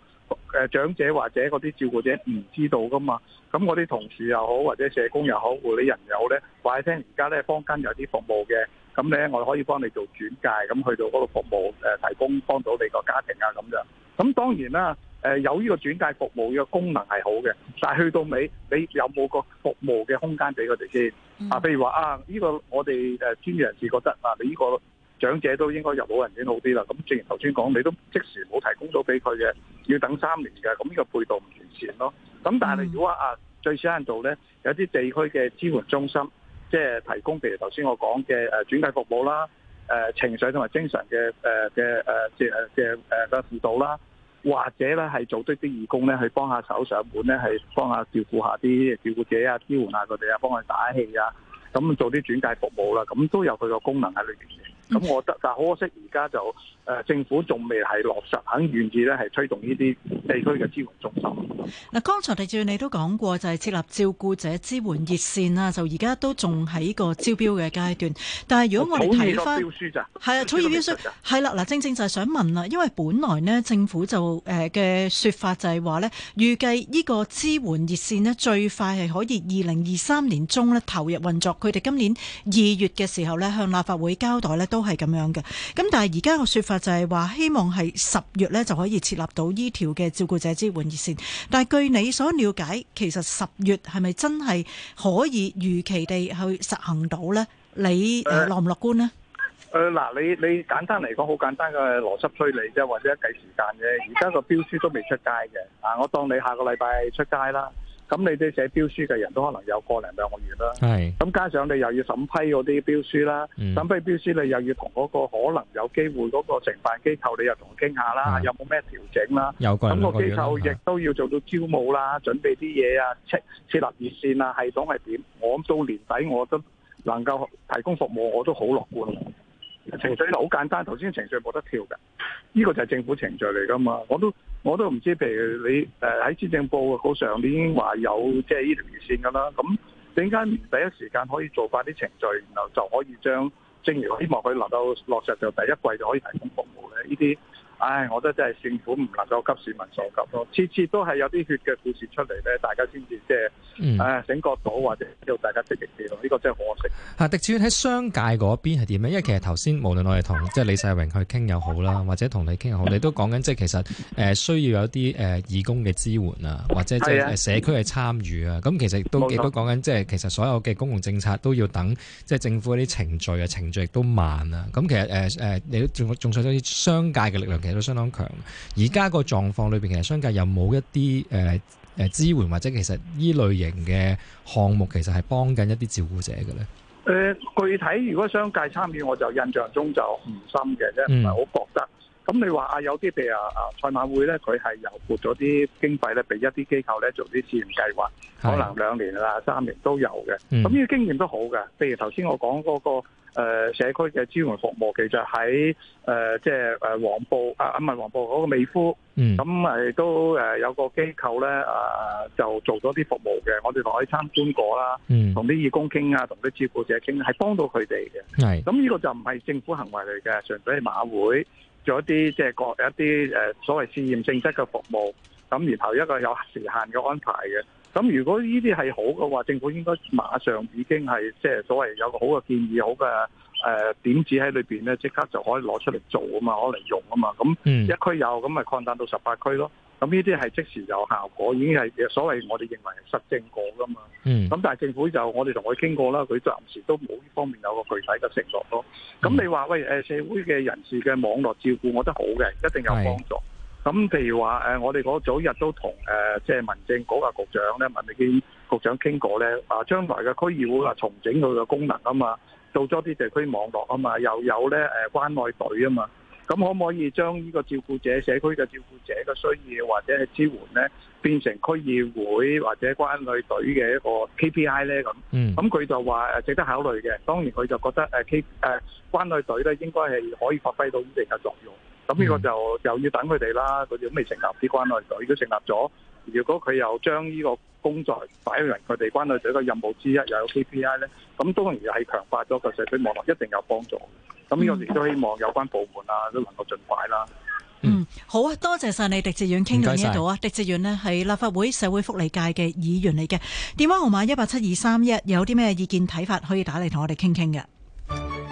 長者或者嗰啲照顧者唔知道噶嘛，咁我啲同事又好，或者社工又好，護理人又好咧，話你聽而家咧坊間有啲服務嘅，咁咧我可以幫你做轉介，咁去到嗰個服務誒提供幫到你個家庭啊咁樣。咁當然啦。誒，有呢個轉介服務嘅功能係好嘅，但係去到尾，你有冇個服務嘅空間俾佢哋先？啊，譬如話啊，呢個我哋誒專業人士覺得啊，你呢個長者都應該入老人院好啲啦。咁正如頭先講，你都即時冇提供咗俾佢嘅，要等三年嘅，咁呢個配套唔完善咯。咁但係如果啊，最少限度咧，有啲地區嘅支援中心，即係提供，譬如頭先我講嘅誒轉介服務啦，誒、呃、情緒同埋精神嘅誒嘅誒嘅嘅輔導啦。或者咧係組織啲義工咧去幫下手上門咧，係幫下照顧下啲照顧者啊，支援下佢哋啊，幫佢打氣啊，咁做啲轉介服務啦，咁都有佢個功能喺裏面嘅。咁我得，但係可惜而家就誒政府仲未係落實肯願意咧係推動呢啲地區嘅支援中心。嗱，剛才狄志遠你都講過就係、是、設立照顧者支援熱線啦，就而家都仲喺個招標嘅階段。但係如果我哋睇翻，係啊，草擬標書係啦。嗱、啊，正正就係想問啦，因為本來咧政府就誒嘅、呃、說法就係話咧，預計呢個支援熱線咧最快係可以二零二三年中咧投入運作。佢哋今年二月嘅時候咧向立法會交代咧都。都係咁樣嘅，咁但係而家個說法就係話希望係十月呢就可以設立到呢條嘅照顧者支援熱線，但係據你所了解，其實十月係咪真係可以如期地去實行到呢？你樂唔樂觀呢？誒嗱、呃呃，你你簡單嚟講，好簡單嘅邏輯推理啫，或者計時間啫。而家個標書都未出街嘅，啊，我當你下個禮拜出街啦。咁你哋寫標書嘅人都可能有個零兩個月啦。咁係加上你又要審批嗰啲標書啦，審、嗯、批標書你又要同嗰個可能有機會嗰個承辦機構你又同佢傾下啦，的有冇咩調整啦？有個人兩個月。咁個機構亦都要做到招募啦，的準備啲嘢啊，設立熱線啊，系統係點？我諗到年底我都能夠提供服務，我都好樂觀。程序好簡單，頭先程序冇得跳嘅，呢、這個就係政府程序嚟㗎嘛，我都。我都唔知，譬如你誒喺施政報告上邊已經話有即係呢條線㗎啦，咁點解第一時間可以做快啲程序，然後就可以將，正如我希望佢落到落實，就第一季就可以提供服務咧？呢啲。唉，我覺得真係政府唔能夠急市民所急咯，次次都係有啲血嘅故事出嚟咧，大家先至即係唉醒覺到，或者叫大家積極啲咯，呢、這個真係可惜。吓，狄志遠喺商界嗰邊係點咧？因為其實頭先無論我哋同即係李世榮去傾又好啦，或者同你傾又好，你都講緊即係其實需要有啲誒義工嘅支援啊，或者即係社區嘅參與啊。咁的其實都亦都講緊即係其實所有嘅公共政策都要等，即係政府嗰啲程序啊，程序亦都慢啊。咁其實誒誒、呃，你仲仲想要啲商界嘅力量。都相當強。而家個狀況裏邊，其實商界有冇一啲誒誒支援，或者其實依類型嘅項目，其實係幫緊一啲照顧者嘅咧？誒、呃，具體如果商界參與，我就印象中就唔深嘅，啫，唔係好覺得。嗯。咁、嗯、你話有啲譬如啊啊賽馬會呢，佢係又撥咗啲經費咧，俾一啲機構呢，做啲支援計劃，的可能兩年啊、三年都有嘅。咁呢個經驗都好㗎。譬如頭先我講嗰、嗰個誒、呃、社區嘅支援服務，其實喺、呃、即係誒黃埔啊，唔係黃埔嗰個美孚，咁係、嗯嗯、都、呃、有個機構呢，呃、就做咗啲服務嘅。我哋可以參觀過啦，同啲、嗯、義工傾呀，同啲照顧者傾，係幫到佢哋嘅。咁呢的、嗯呢個就唔係政府行為嚟嘅，純粹係馬會。有一啲即係各有一啲誒所謂試驗性質嘅服務，咁然後一個有時限嘅安排嘅。咁如果呢啲係好嘅話，政府應該馬上已經係即係所謂有個好嘅建議、好嘅誒點子喺裏邊咧，即刻就可以攞出嚟做啊嘛，攞嚟用啊嘛。咁一區有，咁咪擴大到十八區咯。咁呢啲係即時有效果，已經係所謂我哋認為實證過噶嘛。咁、mm. 但係政府就我哋同佢傾過啦，佢暫時都冇呢方面有個具體嘅承諾咯。咁、mm. 你話喂社會嘅人士嘅網絡照顧我覺得好嘅，一定有幫助。咁是譬如話我哋嗰早日都同誒即係民政局嘅局長咧、文理堅局長傾過咧，啊將來嘅區議會啊重整佢嘅功能啊嘛，做咗啲地區網絡啊嘛，又有咧誒關愛隊啊嘛。Mm. 咁可唔可以將呢個照顧者社區嘅照顧者嘅需要或者係支援呢變成區議會或者關愛隊嘅一個 KPI 呢？咁、嗯，咁佢就話值得考慮嘅。當然佢就覺得誒 K 誒關愛隊咧應該係可以發揮到一定嘅作用。咁呢個就又、嗯、要等佢哋啦。佢哋都未成立啲關愛隊，都成立咗。如果佢又將呢個工作擺喺人佢哋關愛隊嘅任務之一，又有 KPI 咧，咁當然係強化咗個社會網絡，一定有幫助。咁我哋都希望有關部門啊，都能夠儘快啦。嗯，嗯，好啊，多謝晒你狄志遠，傾到呢度啊，狄志遠呢係立法會社會福利界嘅議員嚟嘅，電話號碼一八七二三一，有啲咩意見睇法可以打嚟同我哋傾傾嘅。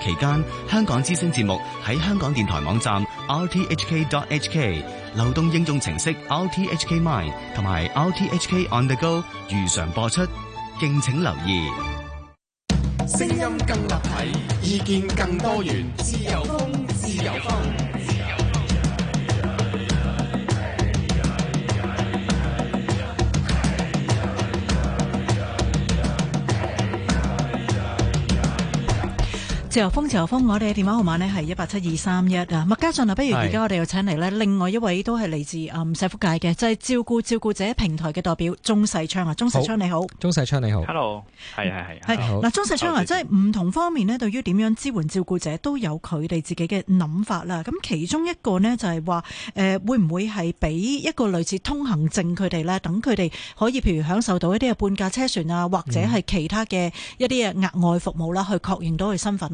期間，香港之聲節目喺香港電台網站 rthk.hk、流動應用程式 rthk mine 同埋 rthk on the go 如常播出，敬請留意。聲音更立體，意見更多元，自由風，自由風。自由風，自由風，我哋嘅電話號碼呢係一八七二三一啊。麥家俊啊，不如而家我哋又請嚟呢是另外一位都係嚟自啊社福界嘅，就係、是、照顧照顧者平台嘅代表鍾世昌啊。鍾世昌好你好，鍾世昌你好，Hello，係係係嗱，鍾世是好昌啊，即係唔同方面呢對於點樣支援照顧者都有佢哋自己嘅諗法啦。咁、嗯、其中一個呢就係話，誒、呃，會唔會係俾一個類似通行證佢哋咧，等佢哋可以譬如享受到一啲啊半價車船啊，或者係其他嘅一啲啊額外服務啦，去確認到佢身份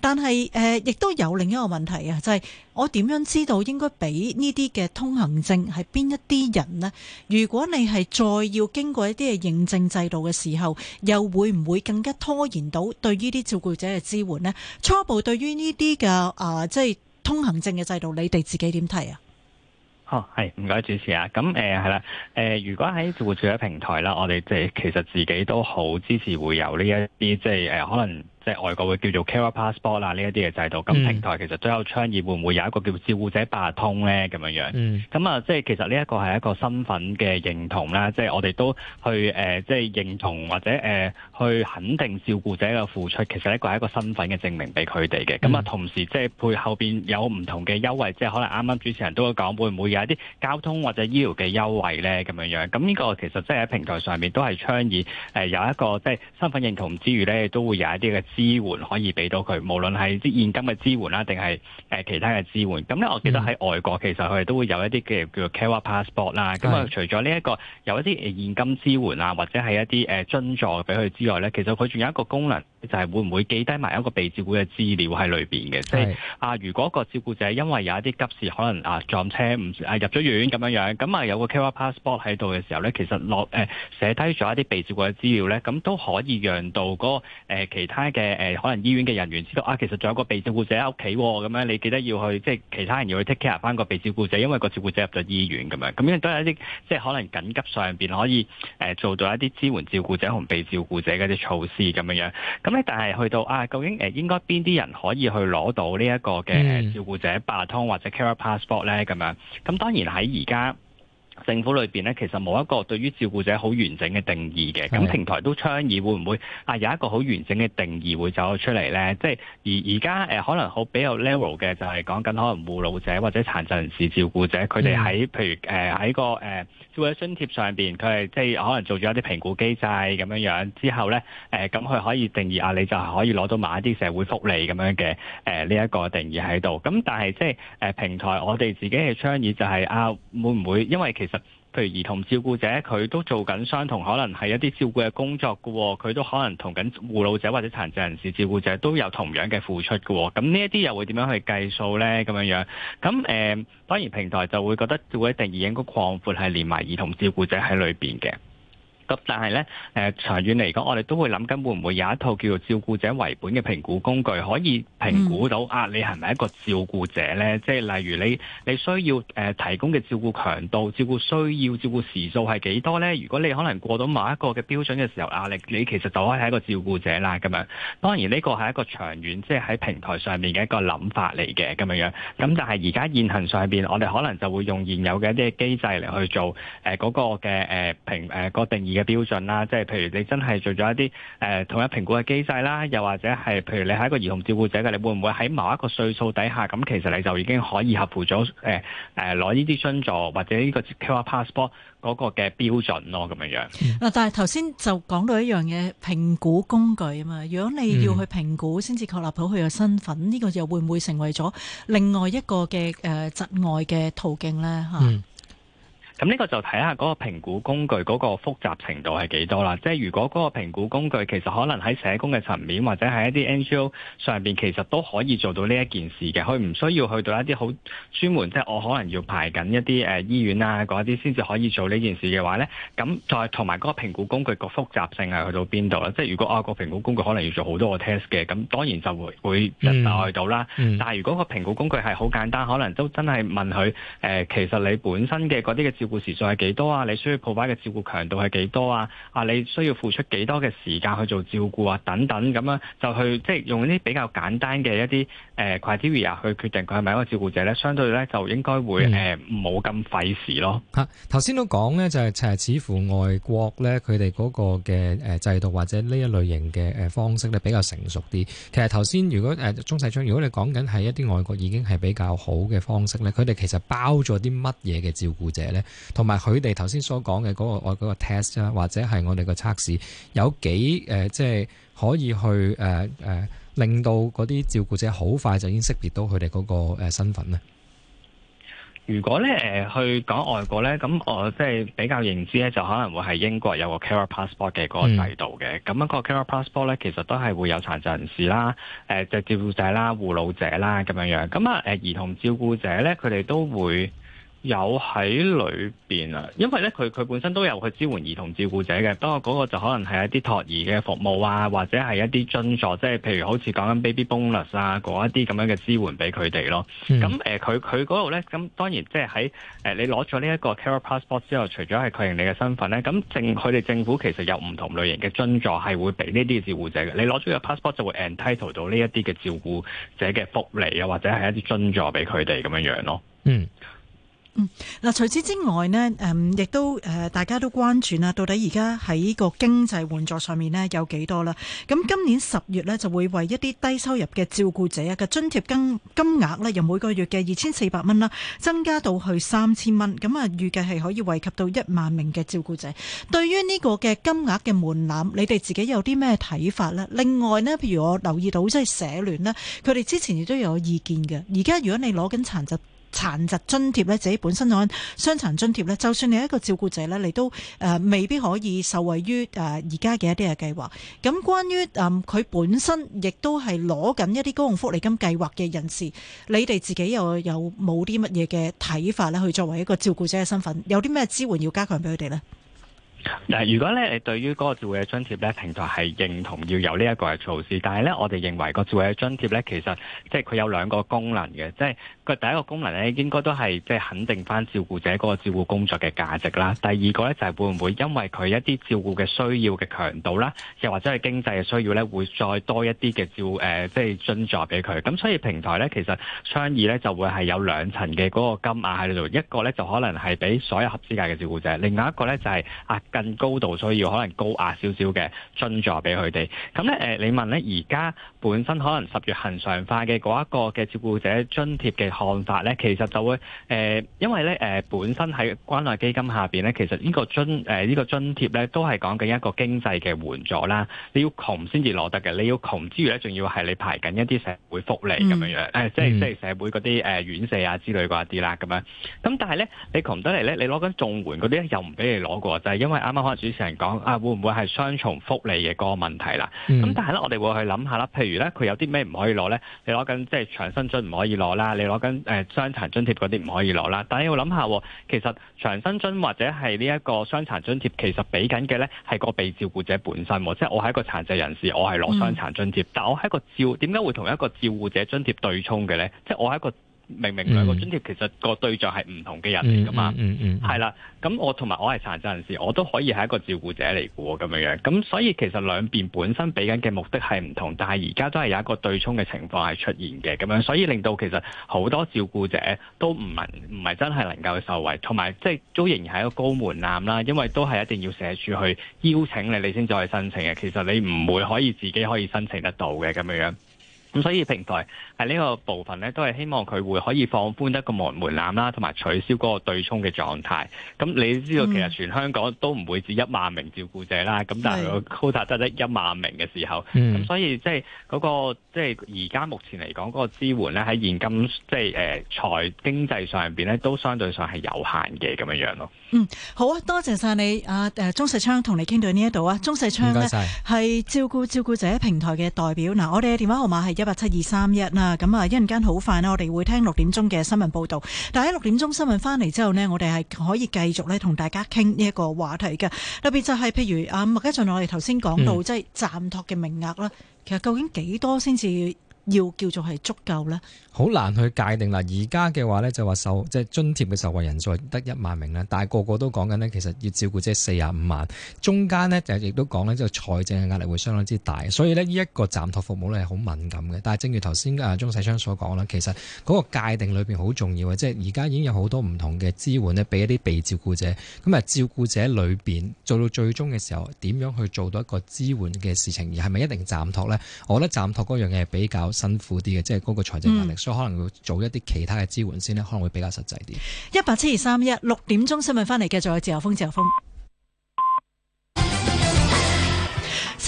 但係誒，亦、呃、都有另一個問題啊，就係、是、我點樣知道應該俾呢啲嘅通行證係邊一啲人呢？如果你係再要經過一啲嘅認證制度嘅時候，又會唔會更加拖延到對於啲照顧者嘅支援呢？初步對於呢啲嘅誒，即、呃、係、就是、通行證嘅制度，你哋自己點睇啊？好、哦，係唔該主持啊！咁誒係啦，誒、嗯嗯呃，如果喺照顧者平台啦，我哋即係其實自己都好支持會有呢一啲，即係誒、呃、可能。即係外國會叫做 Carer Passport 啦。呢一啲嘅制度，咁平台其實都有倡議，會唔會有一個叫照顧者八通咧咁樣樣？咁啊、嗯，即係其實呢一個係一個身份嘅認同啦，即係、嗯、我哋都去誒，即、呃、係、就是、認同或者誒、呃、去肯定照顧者嘅付出，其實呢個係一個身份嘅證明俾佢哋嘅。咁啊、嗯，同時即係、就是、背後邊有唔同嘅優惠，即、就、係、是、可能啱啱主持人都會講會唔會有一啲交通或者醫療嘅優惠咧咁樣樣？咁呢個其實即係喺平台上面都係倡議誒、呃，有一個即係、就是、身份認同之餘咧，都會有一啲嘅。支援可以俾到佢，無論係啲現金嘅支援啦、啊，定係誒其他嘅支援。咁咧，我記得喺外國其實佢哋都會有一啲嘅叫做 Care Passport 啦。咁啊、嗯，除咗呢一個有一啲現金支援啊，或者係一啲誒津助俾佢之外咧，其實佢仲有一個功能，就係會唔會記低埋一個被照顧嘅資料喺裏邊嘅。即係、嗯就是、啊，如果個照顧者因為有一啲急事，可能啊撞車唔啊入咗院咁樣樣，咁啊有個 Care Passport 喺度嘅時候咧，其實落誒寫低咗一啲被照顧嘅資料咧，咁都可以讓到嗰誒其他嘅。誒誒可能醫院嘅人員知道啊，其實仲有個被照顧者喺屋企喎，咁樣你記得要去即係其他人要去 take care 翻個被照顧者，因為個照顧者入咗醫院咁樣，咁樣都有一啲即係可能緊急上面可以誒、呃、做到一啲支援照顧者同被照顧者嘅一啲措施咁樣。咁咧但係去到啊，究竟誒應該邊啲人可以去攞到呢一個嘅照顧者霸通或者 care passport 咧咁樣？咁當然喺而家。政府裏邊咧，其實冇一個對於照顧者好完整嘅定義嘅。咁平台都倡議，會唔會啊有一個好完整嘅定義會走出嚟咧？即係而而家、呃、可能好比較 level 嘅，就係講緊可能護老者或者殘疾人士照顧者，佢哋喺譬如誒喺、呃、個誒照顧津貼上邊，佢係即係可能做咗一啲評估機制咁樣樣之後咧誒，咁、呃、佢可以定義啊，你就係可以攞到某一啲社會福利咁樣嘅呢一個定義喺度。咁但係即係平台，我哋自己嘅倡議就係、是、啊，會唔會因為其實譬如兒童照顧者，佢都做緊相同，可能係一啲照顧嘅工作嘅，佢都可能同緊護老者或者殘疾人士照顧者都有同樣嘅付出嘅，咁呢一啲又會點樣去計數呢？咁樣樣，咁誒、呃，當然平台就會覺得會定義應該擴闊，係連埋兒童照顧者喺裏邊嘅。咁但係咧，誒、呃、長遠嚟講，我哋都會諗緊會唔會有一套叫做照顧者為本嘅評估工具，可以評估到、嗯、啊，你係咪一個照顧者呢？即係例如你你需要誒、呃、提供嘅照顧強度、照顧需要、照顧時數係幾多呢？如果你可能過到某一個嘅標準嘅時候，啊，你你其實就可以係一個照顧者啦咁樣。當然呢個係一個長遠，即係喺平台上面嘅一個諗法嚟嘅咁樣樣。咁但係而家現行上邊，我哋可能就會用現有嘅一啲機制嚟去做誒嗰、呃那個嘅誒評誒個定義。嘅標準啦，即係譬如你真係做咗一啲誒統一評估嘅機制啦，又或者係譬如你係一個兒童照顧者嘅，你會唔會喺某一個歲數底下咁，其實你就已經可以合乎咗誒誒攞呢啲津助或者呢個 care passport 嗰個嘅標準咯，咁樣樣嗱，嗯、但係頭先就講到一樣嘢，評估工具啊嘛，如果你要去評估先至確立到佢嘅身份，呢、嗯、個又會唔會成為咗另外一個嘅誒額外嘅途徑咧嚇？啊嗯咁呢個就睇下嗰個評估工具嗰個複雜程度係幾多啦？即係如果嗰個評估工具其實可能喺社工嘅層面或者係一啲 NGO 上邊，其實都可以做到呢一件事嘅，佢唔需要去到一啲好專門，即係我可能要排緊一啲誒醫院啊嗰啲先至可以做呢件事嘅話咧，咁再同埋嗰個評估工具個複雜性係去到邊度啦？即係如果我個評估工具可能要做好多個 test 嘅，咁當然就會會難度到啦。但係如果個評估工具係好簡單，可能都真係問佢誒，其實你本身嘅嗰啲嘅照護時數係幾多啊？你需要 provide 嘅照顧強度係幾多啊？啊，你需要付出幾多嘅時間去做照顧啊？等等咁樣就去即係用一啲比較簡單嘅一啲誒 criteria 去決定佢係咪一個照顧者咧？相對咧就應該會誒冇咁費事咯。嚇、啊！頭先都講咧，就係、是、似乎外國咧，佢哋嗰個嘅誒制度或者呢一類型嘅誒方式咧比較成熟啲。其實頭先如果誒、呃、鍾世昌，如果你講緊係一啲外國已經係比較好嘅方式咧，佢哋其實包咗啲乜嘢嘅照顧者咧？同埋佢哋頭先所講嘅嗰個我、那個、test 啦，或者係我哋個測試有幾誒、呃，即係可以去誒誒、呃，令到嗰啲照顧者好快就已經識別到佢哋嗰個身份咧。如果咧誒、呃、去講外國咧，咁我即係比較認知咧，就可能會係英國有個 Carer Passport 嘅嗰個制度嘅。咁樣、嗯、個 Carer Passport 咧，其實都係會有殘疾人士啦、誒、呃就是、照顧者啦、護老者啦咁樣樣。咁啊誒兒童照顧者咧，佢哋都會有喺裏邊啊，因為咧佢佢本身都有去支援兒童照顧者嘅，不過嗰個就可能係一啲托兒嘅服務啊，或者係一啲津助，即係譬如好似講緊 baby bonus 啊，嗰一啲咁樣嘅支援俾佢哋咯。咁誒、嗯，佢佢嗰度咧，咁當然即係喺誒你攞咗呢一個 care、er、passport 之後，除咗係確認你嘅身份咧，咁政佢哋政府其實有唔同類型嘅津助係會俾呢啲照顧者嘅。你攞咗個 passport 就會 entitle 到呢一啲嘅照顧者嘅福利啊，或者係一啲津助俾佢哋咁樣樣咯。嗯。嗯，嗱，除此之外呢，誒、嗯，亦都誒、呃，大家都關注啦。到底而家喺個經濟援助上面呢，有幾多啦？咁今年十月呢，就會為一啲低收入嘅照顧者嘅津貼金金額呢，由每個月嘅二千四百蚊啦，增加到去三千蚊。咁啊，預計係可以惠及到一萬名嘅照顧者。對於呢個嘅金額嘅門檻，你哋自己有啲咩睇法呢？另外呢，譬如我留意到即係社聯呢，佢哋之前亦都有意見嘅。而家如果你攞緊殘疾殘疾津貼咧，自己本身攞傷殘津貼咧，就算你係一個照顧者咧，你都誒未必可以受惠於誒而家嘅一啲嘅計劃。咁關於誒佢、嗯、本身亦都係攞緊一啲公共福利金計劃嘅人士，你哋自己又有冇啲乜嘢嘅睇法咧？去作為一個照顧者嘅身份，有啲咩支援要加強俾佢哋咧？嗱，如果咧，你對於嗰個照顧嘅津貼咧，平台係認同要有呢一個嘅措施，但係咧，我哋認為個照顧嘅津貼咧，其實即係佢有兩個功能嘅，即係佢第一個功能咧，應該都係即係肯定翻照顧者嗰個照顧工作嘅價值啦。第二個咧就係會唔會因為佢一啲照顧嘅需要嘅強度啦，又或者係經濟嘅需要咧，會再多一啲嘅照誒，即係津助俾佢。咁所以平台咧，其實商議咧就會係有兩層嘅嗰個金額喺度，一個咧就可能係俾所有合資格嘅照顧者，另一個咧就係啊。更高度，所以要，可能高壓少少嘅津助俾佢哋。咁咧，誒，你問咧，而家本身可能十月恆常化嘅嗰一個嘅照顧者津貼嘅看法咧，其實就會誒，因為咧誒，本身喺關愛基金下邊咧，其實呢個津誒呢個津貼咧，都係講緊一個經濟嘅援助啦。你要窮先至攞得嘅，你要窮之餘咧，仲要係你排緊一啲社會福利咁樣樣，誒，即係即係社會嗰啲誒院舍啊之類嗰一啲啦，咁樣。咁但係咧，你窮得嚟咧，你攞緊綜援嗰啲又唔俾你攞過，就係因為。啱啱可能主持人講啊，會唔會係雙重福利嘅嗰個問題啦？咁、嗯、但係咧，我哋會去諗下啦。譬如咧，佢有啲咩唔可以攞咧？你攞緊即係長生津唔可以攞啦，你攞緊誒傷殘津貼嗰啲唔可以攞啦。但你要諗下，其實長生津或者係呢一個傷殘津貼，其實俾緊嘅咧係個被照顧者本身，即係我係一個殘疾人士，我係攞傷殘津貼，但我係一個照點解會同一個照顧者津貼對沖嘅咧？即係我係一個。明明兩個津貼、嗯、其實個對象係唔同嘅人嚟㗎嘛，係啦、嗯，咁、嗯嗯嗯、我同埋我係殘疾人士，我都可以係一個照顧者嚟嘅喎，咁樣樣，咁所以其實兩邊本身俾緊嘅目的係唔同，但係而家都係有一個對沖嘅情況係出現嘅咁樣，所以令到其實好多照顧者都唔唔係真係能夠受惠，同埋即係都仍然係一個高門檻啦，因為都係一定要社署去邀請你，你先再去申請嘅，其實你唔會可以自己可以申請得到嘅咁樣樣。咁所以平台喺呢個部分咧，都係希望佢會可以放寬一個門檻啦，同埋取消嗰個對沖嘅狀態。咁你知道、嗯、其實全香港都唔會只一萬名照顧者啦。咁、嗯、但係個高達得一萬名嘅時候，咁、嗯、所以即係嗰個即係而家目前嚟講嗰、那個支援咧，喺現金即係誒財經濟上邊咧，都相對上係有限嘅咁樣樣咯。嗯，好啊，多謝晒你啊誒，鐘世昌同你傾到呢一度啊，鐘世昌咧係照顧照顧者平台嘅代表。嗱，我哋嘅電話號碼係。一八七二三一啦，咁啊，一陣間好快啦，我哋會聽六點鐘嘅新聞報導。但係喺六點鐘新聞翻嚟之後呢，我哋係可以繼續咧同大家傾呢一個話題嘅，特別就係譬如啊麥家俊，我哋頭先講到即係暫托嘅名額啦，其實究竟幾多先至要叫做係足夠呢？好難去界定啦，而家嘅話咧就話受即係、就是、津貼嘅受惠人數得一萬名啦，但係個個都講緊呢，其實要照顧者四十五萬，中間呢，就亦都講呢，即係財政嘅壓力會相當之大，所以呢，呢一個暫託服務咧係好敏感嘅。但正如頭先啊鍾世昌所講啦，其實嗰個界定裏面好重要，即係而家已經有好多唔同嘅支援呢，俾一啲被照顧者。咁啊照顧者裏面做到最終嘅時候，點樣去做到一個支援嘅事情，而係咪一定暫託呢？我覺得暫託嗰樣嘢係比較辛苦啲嘅，即係嗰個財政壓力。嗯所以可能要做一啲其他嘅支援先咧，可能會比較實際啲。一八七二三一六點鐘新聞翻嚟，繼續，有自由風，自由風。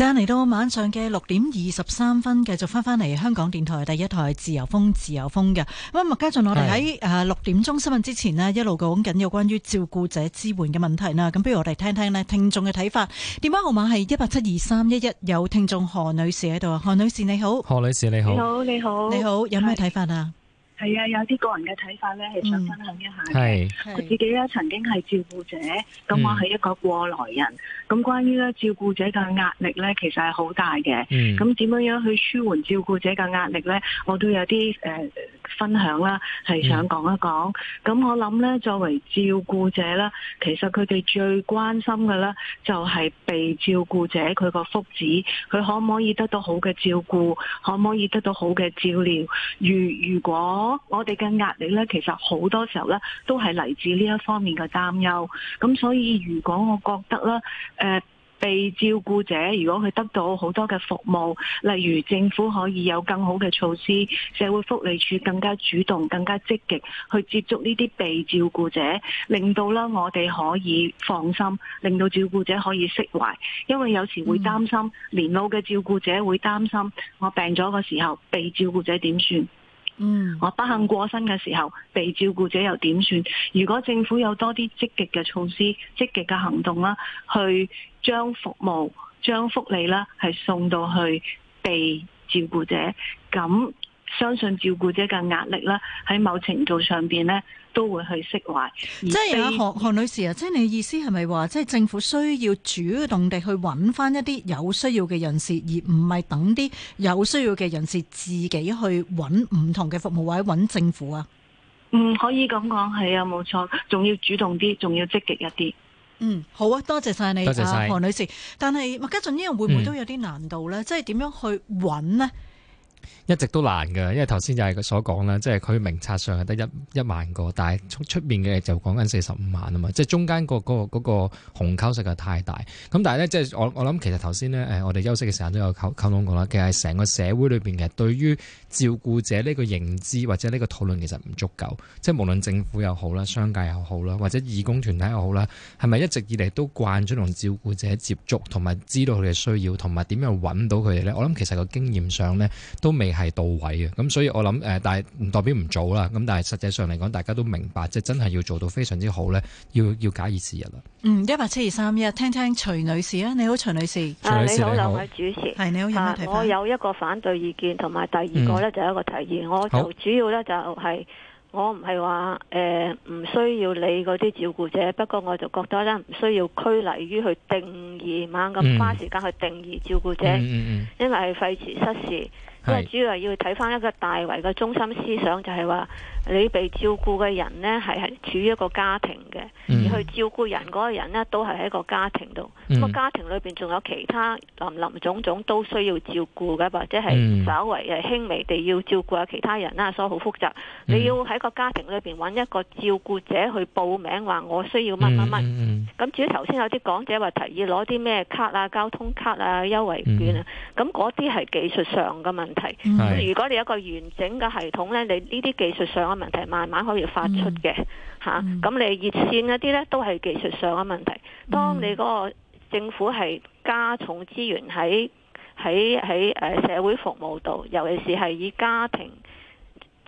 時間嚟到晚上嘅六點二十三分，繼續返返嚟香港電台第一台《自由風》，自由風嘅咁啊，麥嘉俊，我哋喺誒六點鐘新聞之前呢，一路講緊有關於照顧者支援嘅問題啦。咁不如我哋聽聽呢聽眾嘅睇法。電話號碼係一八七二三一一。有聽眾何女士喺度啊，何女士你好，何女士你好，你好，你好你好你好，有咩睇法啊？係啊，有啲個人嘅睇法呢，係想分享一下嘅。係我自己咧，曾經係照顧者，咁我係一個過來人。嗯咁關於咧照顧者嘅壓力咧，其實係好大嘅。咁點、嗯、樣樣去舒緩照顧者嘅壓力咧？我都有啲誒、呃、分享啦，係想講一講。咁、嗯、我諗咧，作為照顧者咧，其實佢哋最關心嘅咧，就係被照顧者佢個福祉，佢可唔可以得到好嘅照顧，可唔可以得到好嘅照料？如如果我哋嘅壓力咧，其實好多時候咧，都係嚟自呢一方面嘅擔憂。咁所以如果我覺得咧，呃、被照顧者，如果佢得到好多嘅服務，例如政府可以有更好嘅措施，社會福利署更加主動、更加積極去接觸呢啲被照顧者，令到啦我哋可以放心，令到照顧者可以釋懷，因為有時會擔心年、嗯、老嘅照顧者會擔心我病咗嘅時候，被照顧者點算？嗯，我不幸過身嘅時候，被照顧者又點算？如果政府有多啲積極嘅措施，積極嘅行動啦，去將服務，將福利啦，係送到去被照顧者，咁。相信照顧者嘅壓力咧，喺某程度上邊咧，都會去釋懷。即係啊，何何女士啊，即係你意思係咪話，即係政府需要主動地去揾翻一啲有需要嘅人士，而唔係等啲有需要嘅人士自己去揾唔同嘅服務或者揾政府啊？嗯，可以咁講，係啊，冇錯，仲要主動啲，仲要積極一啲。嗯，好啊，多謝晒你啊，何女，女士。但係麥嘉俊呢樣會唔會都有啲難度呢？嗯、即係點樣去揾呢？一直都難噶，因為頭先就係佢所講啦，即係佢名冊上係得一一萬個，但係出出面嘅就講緊四十五萬啊嘛，即係中間嗰個嗰個嗰個鴻溝實在太大。咁但係呢，即係我我諗，其實頭先呢，我哋休息嘅時間都有溝溝通過啦。其實成個社會裏邊，其實對於照顧者呢個認知或者呢個討論，其實唔足夠。即係無論政府又好啦，商界又好啦，或者義工團體又好啦，係咪一直以嚟都慣咗同照顧者接觸，同埋知道佢哋需要，同埋點樣揾到佢哋呢？我諗其實個經驗上呢都。都未係到位嘅，咁所以我諗誒，但係唔代表唔早啦。咁但係實際上嚟講，大家都明白，即係真係要做到非常之好呢，要要假以時日啦。嗯，一八七二三一，聽聽徐女士啊，你好，徐女士。你好，兩位主持。你好，啊、有我有一個反對意見，同埋第二個呢、嗯、就有一個提議。我就主要呢就係、是，我唔係話誒唔需要你嗰啲照顧者，不過我就覺得呢，唔需要拘泥於去定義，猛咁、嗯、花時間去定義照顧者，嗯嗯嗯、因為係廢時失事。主要係要睇翻一個大圍嘅中心思想，就係話你被照顧嘅人呢係係處於一個家庭嘅，嗯、而去照顧人嗰個人呢，都係喺一個家庭度。咁、嗯、個家庭裏邊仲有其他林林總總都需要照顧嘅，或者係稍為輕微地要照顧下其他人啦，所以好複雜。嗯、你要喺個家庭裏邊揾一個照顧者去報名，話我需要乜乜乜。咁、嗯嗯嗯、至於頭先有啲講者話提議攞啲咩卡啊、交通卡啊、優惠券啊，咁嗰啲係技術上㗎嘛。嗯、如果你有一個完整嘅系統咧，你呢啲技術上嘅問題慢慢可以發出嘅吓，咁、嗯嗯啊、你熱線一啲呢，都係技術上嘅問題。當你嗰個政府係加重資源喺喺喺社會服務度，尤其是係以家庭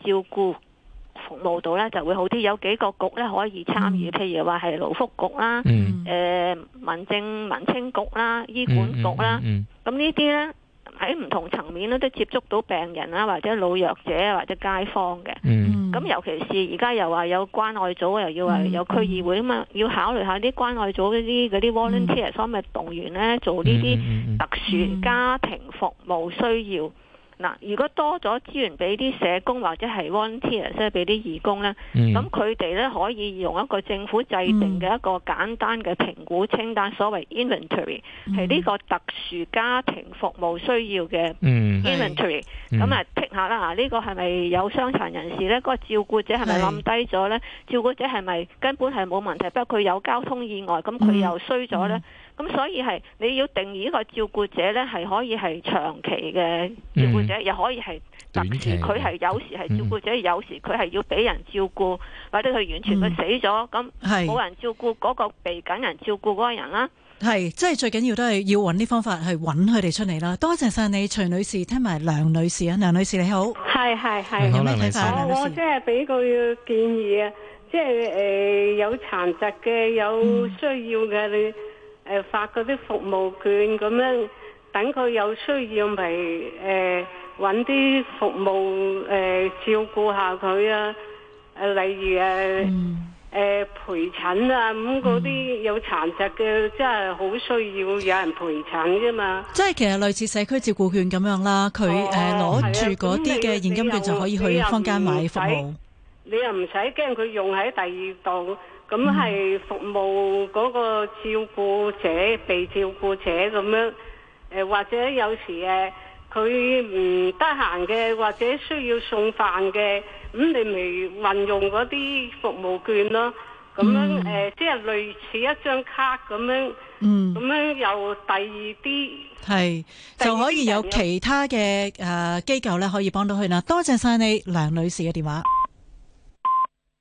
照顧服務度呢，就會好啲。有幾個局呢，可以參與，譬如話係勞福局啦，誒民政民青局啦，醫管局啦，咁呢啲呢。喺唔同層面咧都接觸到病人啊，或者老弱者或者街坊嘅。咁、mm hmm. 尤其是而家又話有關愛組又要話有區議會啊嘛，mm hmm. 要考慮下啲關愛組嗰啲啲 volunteer，、mm hmm. 所以咪動員咧做呢啲特殊家庭服務需要。嗱，如果多咗資源俾啲社工或者係 volunteer，即係俾啲義工呢，咁佢哋呢，可以用一個政府制定嘅一個簡單嘅評估清單，嗯、所謂 inventory 係呢、嗯、個特殊家庭服務需要嘅 inventory、嗯。咁啊、嗯，剔下啦，呢、呢個係咪有傷殘人士呢個、嗰個照顧者係咪冧低咗呢？嗯、照顧者係咪根本係冇問題？不過佢有交通意外，咁佢又衰咗呢。嗯嗯咁所以係你要定義一個照顧者咧，係可以係長期嘅照顧者，又可以係特殊。佢係有時係照顧者，有時佢係要俾人照顧，或者佢完全都死咗咁，係冇人照顧嗰個被緊人照顧嗰個人啦。係即係最緊要都係要揾啲方法去揾佢哋出嚟啦。多謝晒你徐女士，聽埋梁女士啊，梁女士你好，係係係，好，梁女士，我即係俾個建議啊，即係誒有殘疾嘅，有需要嘅你。誒、呃、發嗰啲服務券咁樣，等佢有需要咪誒揾啲服務誒、呃、照顧下佢啊。誒、呃、例如誒誒、呃嗯呃、陪診啊，咁嗰啲有殘疾嘅、嗯、真係好需要有人陪診啫嘛。即係其實類似社區照顧券咁樣啦，佢誒攞住嗰啲嘅現金券就可以去坊間買服務。你又唔使驚佢用喺第二度。咁係服務嗰個照顧者、被照顧者咁樣，誒或者有時誒佢唔得閒嘅，或者需要送飯嘅，咁你咪運用嗰啲服務券咯。咁樣誒，即係類似一張卡咁樣。嗯。咁樣又第二啲。係。就可以有其他嘅誒機構咧，可以幫到佢啦。多謝晒你，梁女士嘅電話。